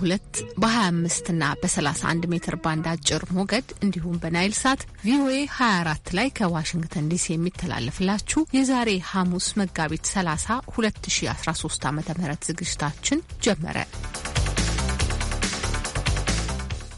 በ22 በ25 እና በ31 ሜትር ባንድ አጭር ሞገድ እንዲሁም በናይል ሳት ቪኦኤ 24 ላይ ከዋሽንግተን ዲሲ የሚተላለፍላችሁ የዛሬ ሐሙስ መጋቢት 30 2013 ዓ ም ዝግጅታችን ጀመረ።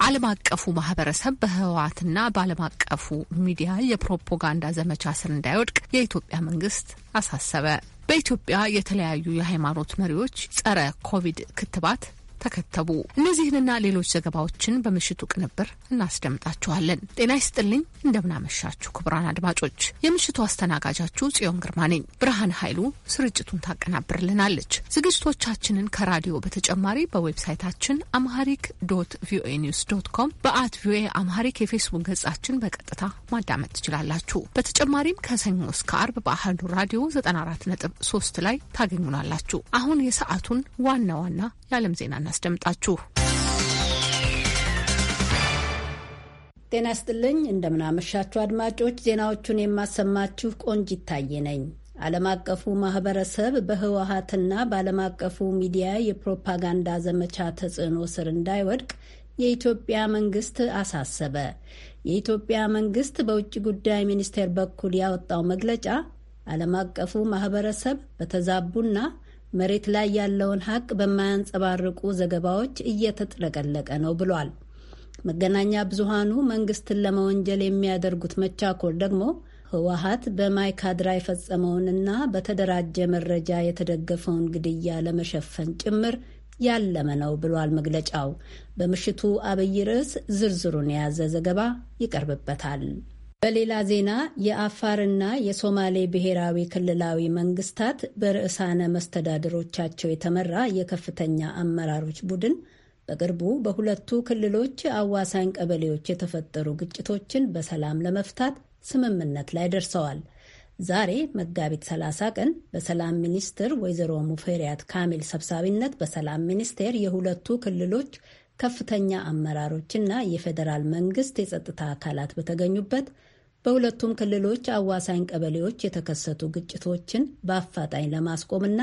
ዓለም አቀፉ ማህበረሰብ በህወሓትና በዓለም አቀፉ ሚዲያ የፕሮፓጋንዳ ዘመቻ ስር እንዳይወድቅ የኢትዮጵያ መንግስት አሳሰበ። በኢትዮጵያ የተለያዩ የሃይማኖት መሪዎች ጸረ ኮቪድ ክትባት ተከተቡ። እነዚህንና ሌሎች ዘገባዎችን በምሽቱ ቅንብር እናስደምጣችኋለን። ጤና ይስጥልኝ፣ እንደምናመሻችሁ ክቡራን አድማጮች። የምሽቱ አስተናጋጃችሁ ጽዮን ግርማ ነኝ። ብርሃን ኃይሉ ስርጭቱን ታቀናብርልናለች። ዝግጅቶቻችንን ከራዲዮ በተጨማሪ በዌብሳይታችን አምሃሪክ ዶት ቪኦኤ ኒውስ ዶት ኮም፣ በአት ቪኦኤ አምሃሪክ የፌስቡክ ገጻችን በቀጥታ ማዳመጥ ትችላላችሁ። በተጨማሪም ከሰኞ እስከ አርብ በአህዱ ራዲዮ 94.3 ላይ ታገኙናላችሁ። አሁን የሰዓቱን ዋና ዋና የዓለም ዜና እናስደምጣችሁ። ጤና ስጥልኝ፣ እንደምናመሻችሁ አድማጮች። ዜናዎቹን የማሰማችሁ ቆንጅ ይታየ ነኝ። ዓለም አቀፉ ማህበረሰብ በህወሀትና በዓለም አቀፉ ሚዲያ የፕሮፓጋንዳ ዘመቻ ተጽዕኖ ስር እንዳይወድቅ የኢትዮጵያ መንግስት አሳሰበ። የኢትዮጵያ መንግስት በውጭ ጉዳይ ሚኒስቴር በኩል ያወጣው መግለጫ ዓለም አቀፉ ማህበረሰብ በተዛቡና መሬት ላይ ያለውን ሀቅ በማያንጸባርቁ ዘገባዎች እየተጥለቀለቀ ነው ብሏል። መገናኛ ብዙሃኑ መንግስትን ለመወንጀል የሚያደርጉት መቻኮል ደግሞ ህወሀት በማይካድራ የፈጸመውንና በተደራጀ መረጃ የተደገፈውን ግድያ ለመሸፈን ጭምር ያለመ ነው ብሏል መግለጫው። በምሽቱ አብይ ርዕስ ዝርዝሩን የያዘ ዘገባ ይቀርብበታል። በሌላ ዜና የአፋርና የሶማሌ ብሔራዊ ክልላዊ መንግስታት በርዕሳነ መስተዳድሮቻቸው የተመራ የከፍተኛ አመራሮች ቡድን በቅርቡ በሁለቱ ክልሎች አዋሳኝ ቀበሌዎች የተፈጠሩ ግጭቶችን በሰላም ለመፍታት ስምምነት ላይ ደርሰዋል። ዛሬ መጋቢት 30 ቀን በሰላም ሚኒስትር ወይዘሮ ሙፈሪያት ካሚል ሰብሳቢነት በሰላም ሚኒስቴር የሁለቱ ክልሎች ከፍተኛ አመራሮችና የፌዴራል መንግስት የጸጥታ አካላት በተገኙበት በሁለቱም ክልሎች አዋሳኝ ቀበሌዎች የተከሰቱ ግጭቶችን በአፋጣኝ ለማስቆምና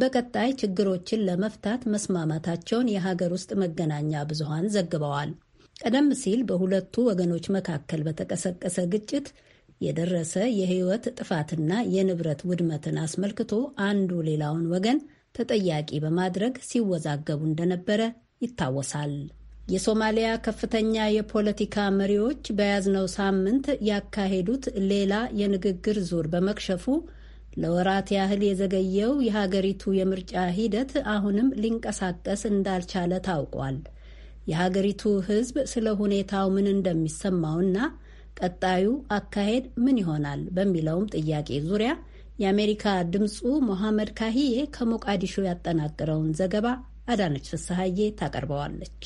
በቀጣይ ችግሮችን ለመፍታት መስማማታቸውን የሀገር ውስጥ መገናኛ ብዙሃን ዘግበዋል። ቀደም ሲል በሁለቱ ወገኖች መካከል በተቀሰቀሰ ግጭት የደረሰ የሕይወት ጥፋትና የንብረት ውድመትን አስመልክቶ አንዱ ሌላውን ወገን ተጠያቂ በማድረግ ሲወዛገቡ እንደነበረ ይታወሳል። የሶማሊያ ከፍተኛ የፖለቲካ መሪዎች በያዝነው ሳምንት ያካሄዱት ሌላ የንግግር ዙር በመክሸፉ ለወራት ያህል የዘገየው የሀገሪቱ የምርጫ ሂደት አሁንም ሊንቀሳቀስ እንዳልቻለ ታውቋል። የሀገሪቱ ሕዝብ ስለ ሁኔታው ምን እንደሚሰማውና ቀጣዩ አካሄድ ምን ይሆናል በሚለውም ጥያቄ ዙሪያ የአሜሪካ ድምፁ ሞሐመድ ካሂዬ ከሞቃዲሾ ያጠናቀረውን ዘገባ አዳነች ፍስሐዬ ታቀርበዋለች።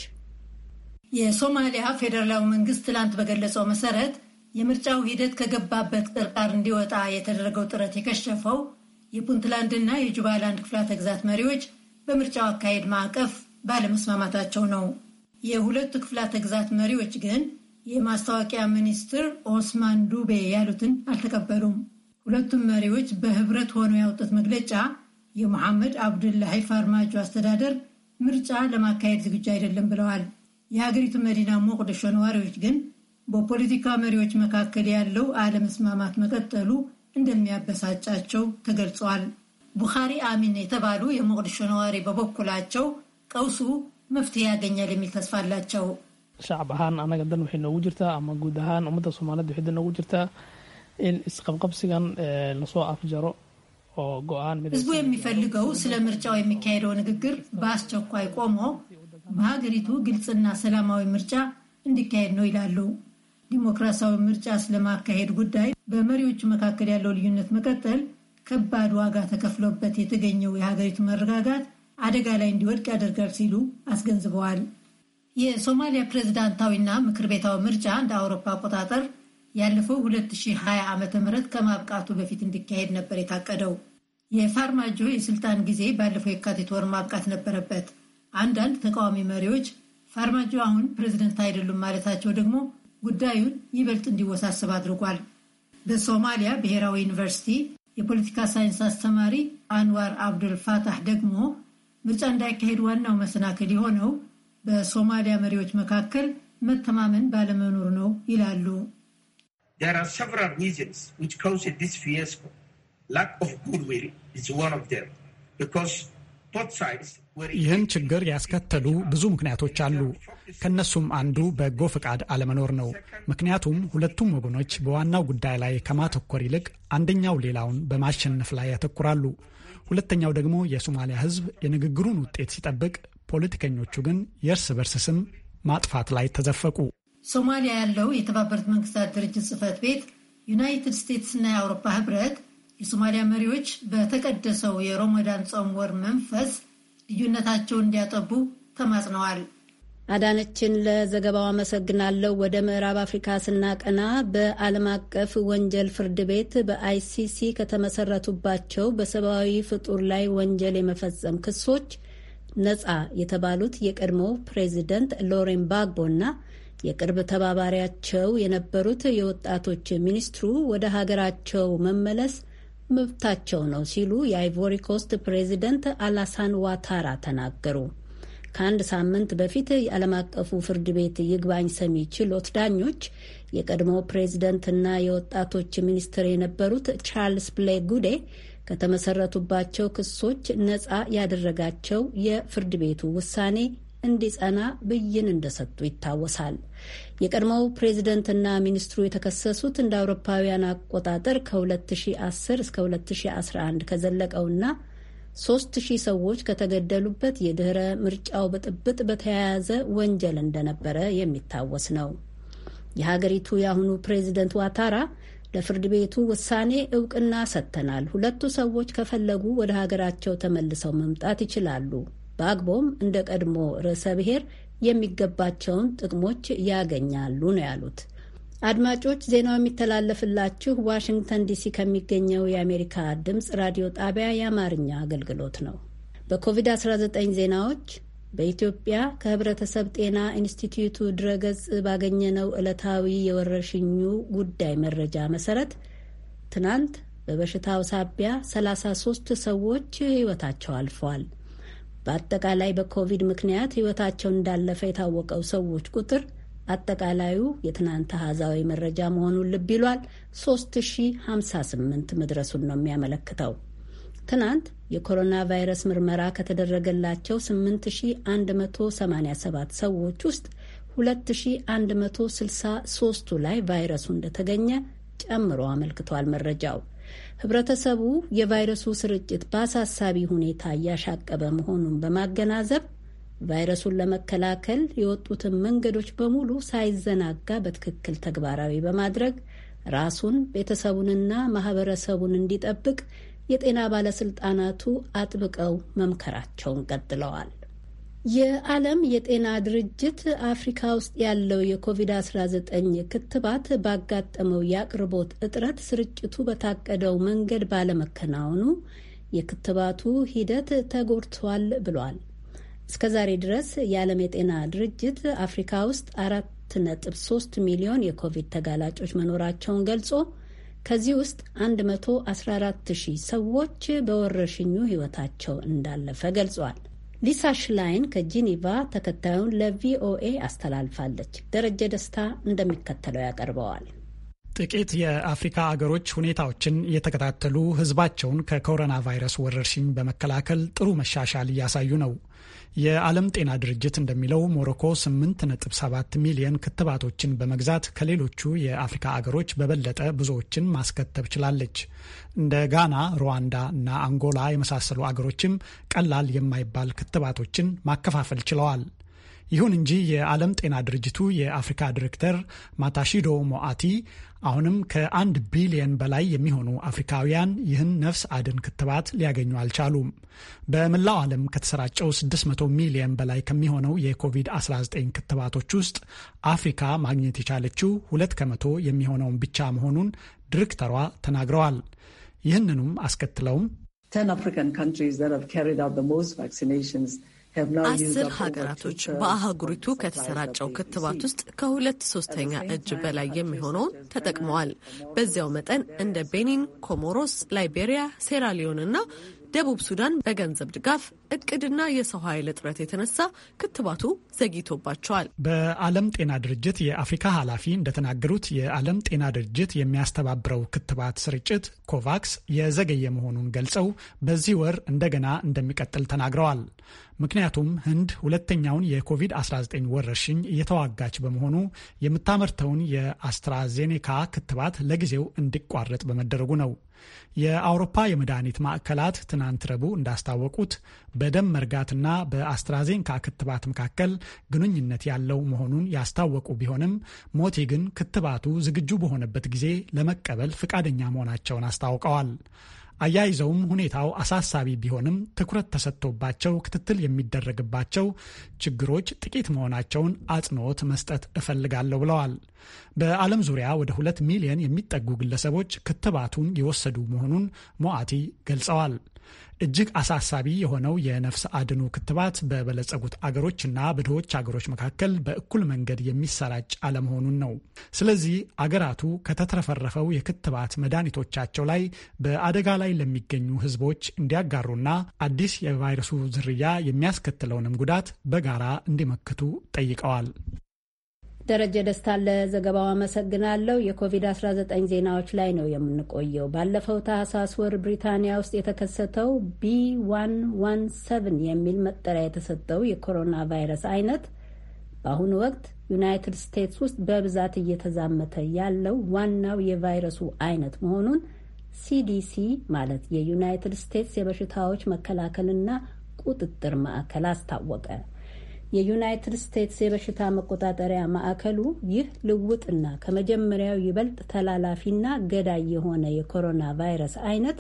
የሶማሊያ ፌዴራላዊ መንግስት ትላንት በገለጸው መሰረት የምርጫው ሂደት ከገባበት ቅርቃር እንዲወጣ የተደረገው ጥረት የከሸፈው የፑንትላንድና የጁባላንድ ክፍላተ ግዛት መሪዎች በምርጫው አካሄድ ማዕቀፍ ባለመስማማታቸው ነው። የሁለቱ ክፍላተ ግዛት መሪዎች ግን የማስታወቂያ ሚኒስትር ኦስማን ዱቤ ያሉትን አልተቀበሉም። ሁለቱም መሪዎች በህብረት ሆነው ያወጡት መግለጫ የመሐመድ አብዱላሂ ፋርማጆ አስተዳደር ምርጫ ለማካሄድ ዝግጁ አይደለም ብለዋል። የሀገሪቱ መዲና ሞቅዲሾ ነዋሪዎች ግን በፖለቲካ መሪዎች መካከል ያለው አለመስማማት መቀጠሉ እንደሚያበሳጫቸው ተገልጿል። ቡኻሪ አሚን የተባሉ የሞቅዲሾ ነዋሪ በበኩላቸው ቀውሱ መፍትሄ ያገኛል የሚል ተስፋ አላቸው። ሻዕብ ahaan anaga dan waxay noogu jirtaa ama guud ahaan ummadda soomaaliyeed waxay dan noogu jirtaa in isqabqabsigan lasoo ህዝቡ የሚፈልገው ስለ ምርጫው የሚካሄደው ንግግር በአስቸኳይ ቆሞ በሀገሪቱ ግልጽና ሰላማዊ ምርጫ እንዲካሄድ ነው ይላሉ። ዲሞክራሲያዊ ምርጫ ስለማካሄድ ጉዳይ በመሪዎቹ መካከል ያለው ልዩነት መቀጠል ከባድ ዋጋ ተከፍሎበት የተገኘው የሀገሪቱ መረጋጋት አደጋ ላይ እንዲወድቅ ያደርጋል ሲሉ አስገንዝበዋል። የሶማሊያ ፕሬዝዳንታዊና ምክር ቤታዊ ምርጫ እንደ አውሮፓ አቆጣጠር ያለፈው 2020 ዓ ም ከማብቃቱ በፊት እንዲካሄድ ነበር የታቀደው። የፋርማጆ የስልጣን ጊዜ ባለፈው የካቲት ወር ማብቃት ነበረበት። አንዳንድ ተቃዋሚ መሪዎች ፋርማጆ አሁን ፕሬዚደንት አይደሉም ማለታቸው ደግሞ ጉዳዩን ይበልጥ እንዲወሳሰብ አድርጓል። በሶማሊያ ብሔራዊ ዩኒቨርሲቲ የፖለቲካ ሳይንስ አስተማሪ አንዋር አብዱል ፋታህ ደግሞ ምርጫ እንዳይካሄድ ዋናው መሰናክል የሆነው በሶማሊያ መሪዎች መካከል መተማመን ባለመኖር ነው ይላሉ። ይህን ችግር ያስከተሉ ብዙ ምክንያቶች አሉ። ከነሱም አንዱ በጎ ፈቃድ አለመኖር ነው። ምክንያቱም ሁለቱም ወገኖች በዋናው ጉዳይ ላይ ከማተኮር ይልቅ አንደኛው ሌላውን በማሸነፍ ላይ ያተኩራሉ። ሁለተኛው ደግሞ የሶማሊያ ሕዝብ የንግግሩን ውጤት ሲጠብቅ፣ ፖለቲከኞቹ ግን የእርስ በርስ ስም ማጥፋት ላይ ተዘፈቁ። ሶማሊያ ያለው የተባበሩት መንግስታት ድርጅት ጽህፈት ቤት ዩናይትድ ስቴትስና የአውሮፓ ህብረት የሶማሊያ መሪዎች በተቀደሰው የሮመዳን ጾም ወር መንፈስ ልዩነታቸው እንዲያጠቡ ተማጽነዋል። አዳነችን ለዘገባው አመሰግናለሁ። ወደ ምዕራብ አፍሪካ ስናቀና በዓለም አቀፍ ወንጀል ፍርድ ቤት በአይሲሲ ከተመሰረቱባቸው በሰብአዊ ፍጡር ላይ ወንጀል የመፈጸም ክሶች ነጻ የተባሉት የቀድሞ ፕሬዚደንት ሎሬን ባግቦና የቅርብ ተባባሪያቸው የነበሩት የወጣቶች ሚኒስትሩ ወደ ሀገራቸው መመለስ መብታቸው ነው ሲሉ የአይቮሪ ኮስት ፕሬዚደንት አላሳን ዋታራ ተናገሩ። ከአንድ ሳምንት በፊት የዓለም አቀፉ ፍርድ ቤት ይግባኝ ሰሚ ችሎት ዳኞች የቀድሞ ፕሬዝደንትና የወጣቶች ሚኒስትር የነበሩት ቻርልስ ብሌ ጉዴ ከተመሰረቱባቸው ክሶች ነጻ ያደረጋቸው የፍርድ ቤቱ ውሳኔ እንዲጸና ብይን እንደሰጡ ይታወሳል። የቀድሞው ፕሬዝደንትና ሚኒስትሩ የተከሰሱት እንደ አውሮፓውያን አቆጣጠር ከ2010 እስከ 2011 ከዘለቀውና 3000 ሰዎች ከተገደሉበት የድኅረ ምርጫው ብጥብጥ በተያያዘ ወንጀል እንደነበረ የሚታወስ ነው። የሀገሪቱ የአሁኑ ፕሬዝደንት ዋታራ ለፍርድ ቤቱ ውሳኔ እውቅና ሰጥተናል፣ ሁለቱ ሰዎች ከፈለጉ ወደ ሀገራቸው ተመልሰው መምጣት ይችላሉ ባግቦም እንደ ቀድሞ ርዕሰ ብሔር የሚገባቸውን ጥቅሞች ያገኛሉ ነው ያሉት። አድማጮች ዜናው የሚተላለፍላችሁ ዋሽንግተን ዲሲ ከሚገኘው የአሜሪካ ድምፅ ራዲዮ ጣቢያ የአማርኛ አገልግሎት ነው። በኮቪድ-19 ዜናዎች በኢትዮጵያ ከህብረተሰብ ጤና ኢንስቲትዩቱ ድረገጽ ባገኘነው ዕለታዊ የወረርሽኙ ጉዳይ መረጃ መሰረት ትናንት በበሽታው ሳቢያ 33 ሰዎች ሕይወታቸው አልፏል። በአጠቃላይ በኮቪድ ምክንያት ህይወታቸው እንዳለፈ የታወቀው ሰዎች ቁጥር አጠቃላዩ የትናንት አሃዛዊ መረጃ መሆኑን ልብ ይሏል 3058 መድረሱን ነው የሚያመለክተው። ትናንት የኮሮና ቫይረስ ምርመራ ከተደረገላቸው 8187 ሰዎች ውስጥ 2163ቱ ላይ ቫይረሱ እንደተገኘ ጨምሮ አመልክቷል መረጃው። ህብረተሰቡ የቫይረሱ ስርጭት በአሳሳቢ ሁኔታ እያሻቀበ መሆኑን በማገናዘብ ቫይረሱን ለመከላከል የወጡትን መንገዶች በሙሉ ሳይዘናጋ በትክክል ተግባራዊ በማድረግ ራሱን ቤተሰቡንና ማህበረሰቡን እንዲጠብቅ የጤና ባለስልጣናቱ አጥብቀው መምከራቸውን ቀጥለዋል። የዓለም የጤና ድርጅት አፍሪካ ውስጥ ያለው የኮቪድ-19 ክትባት ባጋጠመው የአቅርቦት እጥረት ስርጭቱ በታቀደው መንገድ ባለመከናወኑ የክትባቱ ሂደት ተጎድቷል ብሏል። እስከ ዛሬ ድረስ የዓለም የጤና ድርጅት አፍሪካ ውስጥ አራት ነጥብ ሶስት ሚሊዮን የኮቪድ ተጋላጮች መኖራቸውን ገልጾ ከዚህ ውስጥ 114 ሺህ ሰዎች በወረሽኙ ሕይወታቸው እንዳለፈ ገልጿል። ሊሳ ሽላይን ከጂኒቫ ተከታዩን ለቪኦኤ አስተላልፋለች። ደረጀ ደስታ እንደሚከተለው ያቀርበዋል። ጥቂት የአፍሪካ አገሮች ሁኔታዎችን እየተከታተሉ ህዝባቸውን ከኮሮና ቫይረስ ወረርሽኝ በመከላከል ጥሩ መሻሻል እያሳዩ ነው። የዓለም ጤና ድርጅት እንደሚለው ሞሮኮ 8.7 ሚሊየን ክትባቶችን በመግዛት ከሌሎቹ የአፍሪካ አገሮች በበለጠ ብዙዎችን ማስከተብ ችላለች። እንደ ጋና፣ ሩዋንዳ እና አንጎላ የመሳሰሉ አገሮችም ቀላል የማይባል ክትባቶችን ማከፋፈል ችለዋል። ይሁን እንጂ የዓለም ጤና ድርጅቱ የአፍሪካ ዲሬክተር ማታሺዶ ሞአቲ አሁንም ከአንድ ቢሊየን በላይ የሚሆኑ አፍሪካውያን ይህን ነፍስ አድን ክትባት ሊያገኙ አልቻሉም። በመላው ዓለም ከተሰራጨው 600 ሚሊየን በላይ ከሚሆነው የኮቪድ-19 ክትባቶች ውስጥ አፍሪካ ማግኘት የቻለችው ሁለት ከመቶ የሚሆነውን ብቻ መሆኑን ዲሬክተሯ ተናግረዋል። ይህንኑም አስከትለውም 10 African countries that have carried out the most vaccinations አስር ሀገራቶች በአህጉሪቱ ከተሰራጨው ክትባት ውስጥ ከሁለት ሶስተኛ እጅ በላይ የሚሆነውን ተጠቅመዋል። በዚያው መጠን እንደ ቤኒን፣ ኮሞሮስ፣ ላይቤሪያ፣ ሴራሊዮን እና ደቡብ ሱዳን በገንዘብ ድጋፍ እቅድና የሰው ኃይል እጥረት የተነሳ ክትባቱ ዘግይቶባቸዋል። በዓለም ጤና ድርጅት የአፍሪካ ኃላፊ እንደተናገሩት የዓለም ጤና ድርጅት የሚያስተባብረው ክትባት ስርጭት ኮቫክስ የዘገየ መሆኑን ገልጸው በዚህ ወር እንደገና እንደሚቀጥል ተናግረዋል። ምክንያቱም ህንድ ሁለተኛውን የኮቪድ-19 ወረርሽኝ እየተዋጋች በመሆኑ የምታመርተውን የአስትራዜኔካ ክትባት ለጊዜው እንዲቋረጥ በመደረጉ ነው። የአውሮፓ የመድኃኒት ማዕከላት ትናንት ረቡዕ እንዳስታወቁት በደም መርጋትና በአስትራዜንካ ክትባት መካከል ግንኙነት ያለው መሆኑን ያስታወቁ ቢሆንም ሞቴ ግን ክትባቱ ዝግጁ በሆነበት ጊዜ ለመቀበል ፈቃደኛ መሆናቸውን አስታውቀዋል። አያይዘውም ሁኔታው አሳሳቢ ቢሆንም ትኩረት ተሰጥቶባቸው ክትትል የሚደረግባቸው ችግሮች ጥቂት መሆናቸውን አጽንኦት መስጠት እፈልጋለሁ ብለዋል። በዓለም ዙሪያ ወደ ሁለት ሚሊዮን የሚጠጉ ግለሰቦች ክትባቱን የወሰዱ መሆኑን ሞአቲ ገልጸዋል። እጅግ አሳሳቢ የሆነው የነፍስ አድኑ ክትባት በበለጸጉት አገሮች እና በድሆች አገሮች መካከል በእኩል መንገድ የሚሰራጭ አለመሆኑን ነው። ስለዚህ አገራቱ ከተትረፈረፈው የክትባት መድኃኒቶቻቸው ላይ በአደጋ ላይ ለሚገኙ ህዝቦች እንዲያጋሩና አዲስ የቫይረሱ ዝርያ የሚያስከትለውንም ጉዳት በጋራ እንዲመክቱ ጠይቀዋል። ደረጀ ለ ለዘገባው አመሰግናለሁ። የኮቪድ-19 ዜናዎች ላይ ነው የምንቆየው። ባለፈው ታህሳስ ወር ብሪታንያ ውስጥ የተከሰተው ቢ117 የሚል መጠሪያ የተሰጠው የኮሮና ቫይረስ አይነት በአሁኑ ወቅት ዩናይትድ ስቴትስ ውስጥ በብዛት እየተዛመተ ያለው ዋናው የቫይረሱ አይነት መሆኑን ሲዲሲ ማለት የዩናይትድ ስቴትስ የበሽታዎች መከላከልና ቁጥጥር ማዕከል አስታወቀ። የዩናይትድ ስቴትስ የበሽታ መቆጣጠሪያ ማዕከሉ ይህ ልውጥና ከመጀመሪያው ይበልጥ ተላላፊና ገዳይ የሆነ የኮሮና ቫይረስ አይነት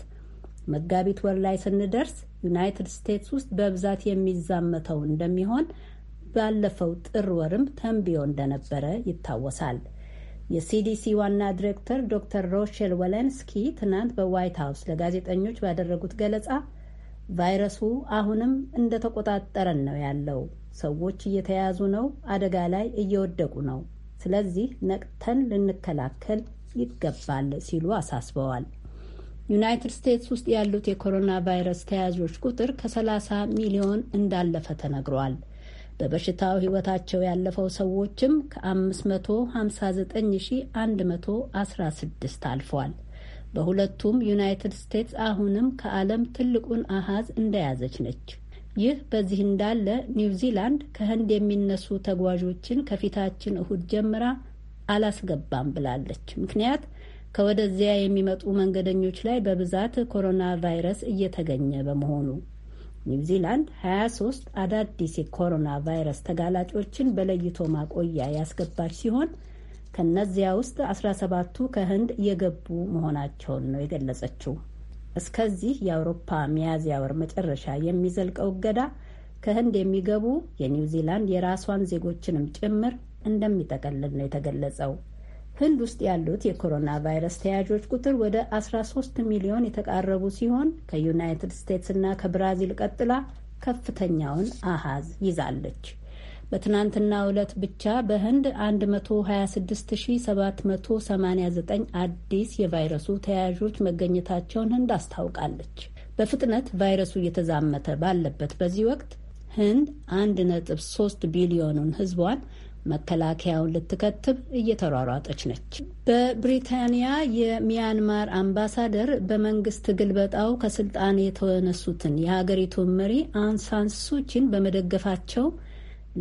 መጋቢት ወር ላይ ስንደርስ ዩናይትድ ስቴትስ ውስጥ በብዛት የሚዛመተው እንደሚሆን ባለፈው ጥር ወርም ተንብዮ እንደነበረ ይታወሳል። የሲዲሲ ዋና ዲሬክተር ዶክተር ሮሼል ወለንስኪ ትናንት በዋይት ሀውስ ለጋዜጠኞች ባደረጉት ገለጻ ቫይረሱ አሁንም እንደተቆጣጠረን ነው ያለው ሰዎች እየተያዙ ነው፣ አደጋ ላይ እየወደቁ ነው። ስለዚህ ነቅተን ልንከላከል ይገባል ሲሉ አሳስበዋል። ዩናይትድ ስቴትስ ውስጥ ያሉት የኮሮና ቫይረስ ተያዦች ቁጥር ከ30 ሚሊዮን እንዳለፈ ተነግሯል። በበሽታው ሕይወታቸው ያለፈው ሰዎችም ከ559116 አልፏል። በሁለቱም ዩናይትድ ስቴትስ አሁንም ከዓለም ትልቁን አሃዝ እንደያዘች ነች። ይህ በዚህ እንዳለ ኒውዚላንድ ከህንድ የሚነሱ ተጓዦችን ከፊታችን እሁድ ጀምራ አላስገባም ብላለች። ምክንያት ከወደዚያ የሚመጡ መንገደኞች ላይ በብዛት ኮሮና ቫይረስ እየተገኘ በመሆኑ። ኒውዚላንድ 23 አዳዲስ የኮሮና ቫይረስ ተጋላጮችን በለይቶ ማቆያ ያስገባች ሲሆን ከእነዚያ ውስጥ 17ቱ ከህንድ የገቡ መሆናቸውን ነው የገለጸችው። እስከዚህ የአውሮፓ ሚያዝያ ወር መጨረሻ የሚዘልቀው እገዳ ከህንድ የሚገቡ የኒውዚላንድ የራሷን ዜጎችንም ጭምር እንደሚጠቀልል ነው የተገለጸው። ህንድ ውስጥ ያሉት የኮሮና ቫይረስ ተያዦች ቁጥር ወደ 13 ሚሊዮን የተቃረቡ ሲሆን ከዩናይትድ ስቴትስ እና ከብራዚል ቀጥላ ከፍተኛውን አሃዝ ይዛለች። በትናንትናው ዕለት ብቻ በህንድ 126789 አዲስ የቫይረሱ ተያያዦች መገኘታቸውን ህንድ አስታውቃለች። በፍጥነት ቫይረሱ እየተዛመተ ባለበት በዚህ ወቅት ህንድ 1.3 ቢሊዮኑን ህዝቧን መከላከያውን ልትከትብ እየተሯሯጠች ነች። በብሪታንያ የሚያንማር አምባሳደር በመንግስት ግልበጣው ከስልጣን የተነሱትን የሀገሪቱን መሪ አንሳን በመደገፋቸው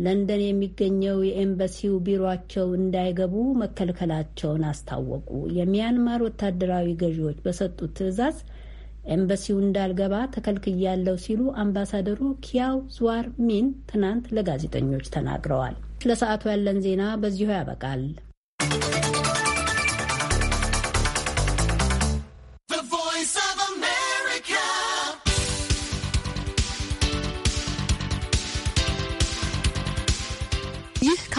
ለንደን የሚገኘው የኤምባሲው ቢሮቸው እንዳይገቡ መከልከላቸውን አስታወቁ። የሚያንማር ወታደራዊ ገዢዎች በሰጡት ትዕዛዝ ኤምባሲው እንዳልገባ ተከልክያለው ሲሉ አምባሳደሩ ኪያው ዙዋር ሚን ትናንት ለጋዜጠኞች ተናግረዋል። ለሰዓቱ ያለን ዜና በዚሁ ያበቃል።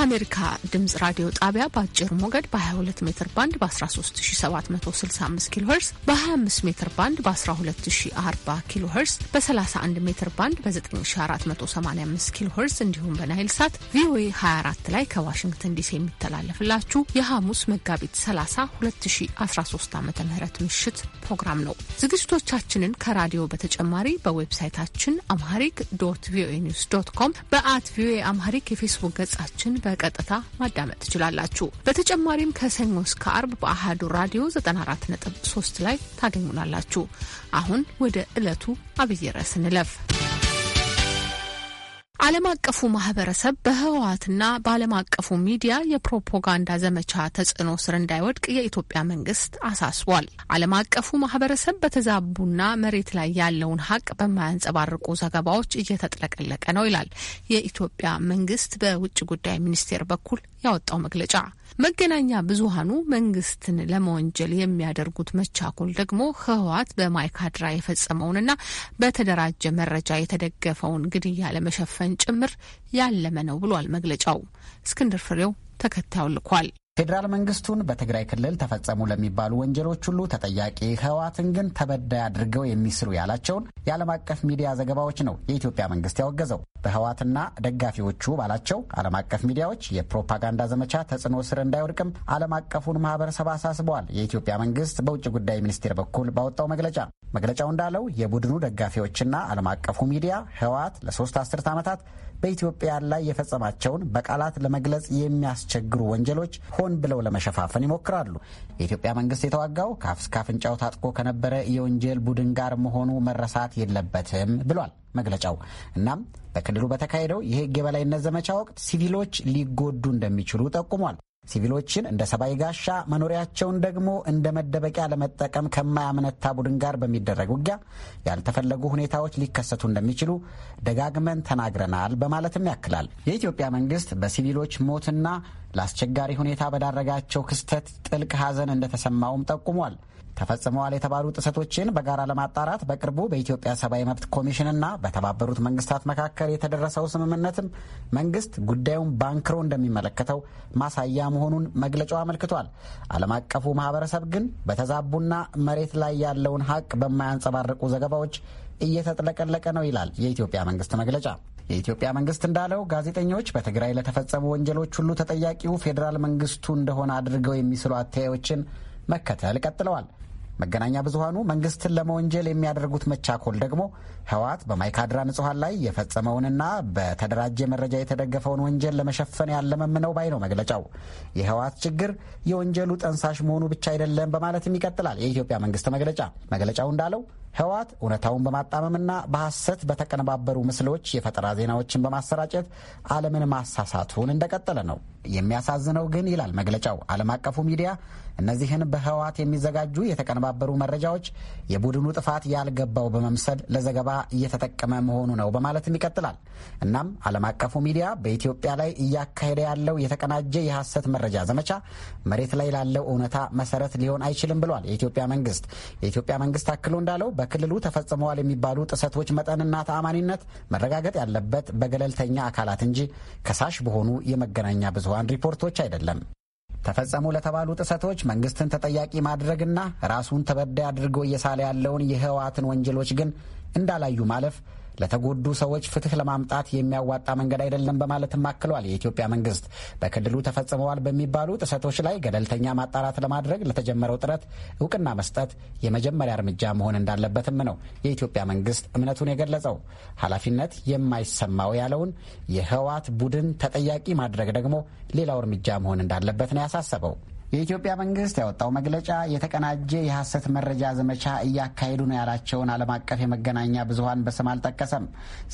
ከአሜሪካ ድምጽ ራዲዮ ጣቢያ በአጭር ሞገድ በ22 ሜትር ባንድ በ13765 ኪሎ ሄርስ በ25 ሜትር ባንድ በ1240 ኪሎ ሄርስ በ31 ሜትር ባንድ በ9485 ኪሎ ሄርስ እንዲሁም በናይል ሳት ቪኦኤ 24 ላይ ከዋሽንግተን ዲሲ የሚተላለፍላችሁ የሐሙስ መጋቢት 30 2013 ዓ ም ምሽት ፕሮግራም ነው። ዝግጅቶቻችንን ከራዲዮ በተጨማሪ በዌብሳይታችን አምሃሪክ ዶት ቪኦኤ ኒውስ ዶት ኮም በአት ቪኦኤ አምሃሪክ የፌስቡክ ገጻችን በ በቀጥታ ማዳመጥ ትችላላችሁ። በተጨማሪም ከሰኞ እስከ አርብ በአህዱ ራዲዮ 94.3 ላይ ታገኙናላችሁ። አሁን ወደ ዕለቱ አብይ ርዕስ እንለፍ። ዓለም አቀፉ ማህበረሰብ በህወሀትና በዓለም አቀፉ ሚዲያ የፕሮፓጋንዳ ዘመቻ ተጽዕኖ ስር እንዳይወድቅ የኢትዮጵያ መንግስት አሳስቧል። ዓለም አቀፉ ማህበረሰብ በተዛቡና መሬት ላይ ያለውን ሀቅ በማያንጸባርቁ ዘገባዎች እየተጥለቀለቀ ነው ይላል የኢትዮጵያ መንግስት በውጭ ጉዳይ ሚኒስቴር በኩል ያወጣው መግለጫ። መገናኛ ብዙሀኑ መንግስትን ለመወንጀል የሚያደርጉት መቻኩል ደግሞ ህወሀት በማይካድራ የፈጸመውንና በተደራጀ መረጃ የተደገፈውን ግድያ ለመሸፈን ለማፈን ጭምር ያለመ ነው ብሏል መግለጫው። እስክንድር ፍሬው ተከታዩ ልኳል። ፌዴራል መንግስቱን በትግራይ ክልል ተፈጸሙ ለሚባሉ ወንጀሎች ሁሉ ተጠያቂ ህወሓትን ግን ተበዳይ አድርገው የሚስሩ ያላቸውን የዓለም አቀፍ ሚዲያ ዘገባዎች ነው የኢትዮጵያ መንግስት ያወገዘው። በህወሓትና ደጋፊዎቹ ባላቸው ዓለም አቀፍ ሚዲያዎች የፕሮፓጋንዳ ዘመቻ ተጽዕኖ ስር እንዳይወድቅም ዓለም አቀፉን ማህበረሰብ አሳስበዋል። የኢትዮጵያ መንግስት በውጭ ጉዳይ ሚኒስቴር በኩል ባወጣው መግለጫ መግለጫው እንዳለው የቡድኑ ደጋፊዎችና ዓለም አቀፉ ሚዲያ ህወሓት ለሶስት አስርት ዓመታት በኢትዮጵያ ላይ የፈጸማቸውን በቃላት ለመግለጽ የሚያስቸግሩ ወንጀሎች ሆን ብለው ለመሸፋፈን ይሞክራሉ። የኢትዮጵያ መንግስት የተዋጋው ከአፍ እስከ አፍንጫው ታጥቆ ከነበረ የወንጀል ቡድን ጋር መሆኑ መረሳት የለበትም ብሏል መግለጫው። እናም በክልሉ በተካሄደው የህግ የበላይነት ዘመቻ ወቅት ሲቪሎች ሊጎዱ እንደሚችሉ ጠቁሟል። ሲቪሎችን እንደ ሰብአዊ ጋሻ መኖሪያቸውን ደግሞ እንደ መደበቂያ ለመጠቀም ከማያመነታ ቡድን ጋር በሚደረግ ውጊያ ያልተፈለጉ ሁኔታዎች ሊከሰቱ እንደሚችሉ ደጋግመን ተናግረናል በማለትም ያክላል። የኢትዮጵያ መንግስት በሲቪሎች ሞትና ለአስቸጋሪ ሁኔታ በዳረጋቸው ክስተት ጥልቅ ሐዘን እንደተሰማውም ጠቁሟል። ተፈጽመዋል የተባሉ ጥሰቶችን በጋራ ለማጣራት በቅርቡ በኢትዮጵያ ሰብአዊ መብት ኮሚሽንና በተባበሩት መንግስታት መካከል የተደረሰው ስምምነትም መንግስት ጉዳዩን ባንክሮ እንደሚመለከተው ማሳያ መሆኑን መግለጫው አመልክቷል። ዓለም አቀፉ ማህበረሰብ ግን በተዛቡና መሬት ላይ ያለውን ሀቅ በማያንጸባርቁ ዘገባዎች እየተጥለቀለቀ ነው ይላል የኢትዮጵያ መንግስት መግለጫ። የኢትዮጵያ መንግስት እንዳለው ጋዜጠኞች በትግራይ ለተፈጸሙ ወንጀሎች ሁሉ ተጠያቂው ፌዴራል መንግስቱ እንደሆነ አድርገው የሚስሉ አተያዮችን መከተል ቀጥለዋል። መገናኛ ብዙሃኑ መንግስትን ለመወንጀል የሚያደርጉት መቻኮል ደግሞ ህወሓት በማይካድራ ንጹሐን ላይ የፈጸመውንና በተደራጀ መረጃ የተደገፈውን ወንጀል ለመሸፈን ያለመም ነው ባይ ነው መግለጫው። የህወሓት ችግር የወንጀሉ ጠንሳሽ መሆኑ ብቻ አይደለም በማለትም ይቀጥላል የኢትዮጵያ መንግስት መግለጫ። መግለጫው እንዳለው ህወሓት እውነታውን በማጣመምና በሐሰት በተቀነባበሩ ምስሎች የፈጠራ ዜናዎችን በማሰራጨት ዓለምን ማሳሳቱን እንደቀጠለ ነው። የሚያሳዝነው ግን ይላል መግለጫው ዓለም አቀፉ ሚዲያ እነዚህን በህወሓት የሚዘጋጁ የተቀነባበሩ መረጃዎች የቡድኑ ጥፋት ያልገባው በመምሰል ለዘገባ እየተጠቀመ መሆኑ ነው በማለትም ይቀጥላል። እናም ዓለም አቀፉ ሚዲያ በኢትዮጵያ ላይ እያካሄደ ያለው የተቀናጀ የሐሰት መረጃ ዘመቻ መሬት ላይ ላለው እውነታ መሰረት ሊሆን አይችልም ብሏል የኢትዮጵያ መንግስት። የኢትዮጵያ መንግስት አክሎ እንዳለው በክልሉ ተፈጽመዋል የሚባሉ ጥሰቶች መጠንና ተአማኒነት መረጋገጥ ያለበት በገለልተኛ አካላት እንጂ ከሳሽ በሆኑ የመገናኛ ብዙሀን ሪፖርቶች አይደለም። ተፈጸሙ ለተባሉ ጥሰቶች መንግስትን ተጠያቂ ማድረግና ራሱን ተበዳይ አድርጎ እየሳለ ያለውን የህወሓትን ወንጀሎች ግን እንዳላዩ ማለፍ ለተጎዱ ሰዎች ፍትህ ለማምጣት የሚያዋጣ መንገድ አይደለም በማለትም አክሏል። የኢትዮጵያ መንግስት በክልሉ ተፈጽመዋል በሚባሉ ጥሰቶች ላይ ገለልተኛ ማጣራት ለማድረግ ለተጀመረው ጥረት እውቅና መስጠት የመጀመሪያ እርምጃ መሆን እንዳለበትም ነው የኢትዮጵያ መንግስት እምነቱን የገለጸው። ኃላፊነት የማይሰማው ያለውን የህወሓት ቡድን ተጠያቂ ማድረግ ደግሞ ሌላው እርምጃ መሆን እንዳለበት ነው ያሳሰበው። የኢትዮጵያ መንግስት ያወጣው መግለጫ የተቀናጀ የሐሰት መረጃ ዘመቻ እያካሄዱ ነው ያላቸውን ዓለም አቀፍ የመገናኛ ብዙሀን በስም አልጠቀሰም።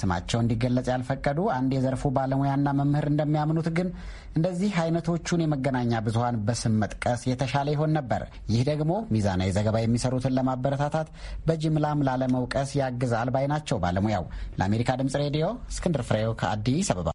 ስማቸው እንዲገለጽ ያልፈቀዱ አንድ የዘርፉ ባለሙያና መምህር እንደሚያምኑት ግን እንደዚህ አይነቶቹን የመገናኛ ብዙሀን በስም መጥቀስ የተሻለ ይሆን ነበር። ይህ ደግሞ ሚዛናዊ ዘገባ የሚሰሩትን ለማበረታታት በጅምላም ላለመውቀስ ያግዛል ባይ ናቸው ባለሙያው። ለአሜሪካ ድምጽ ሬዲዮ እስክንድር ፍሬው ከአዲስ አበባ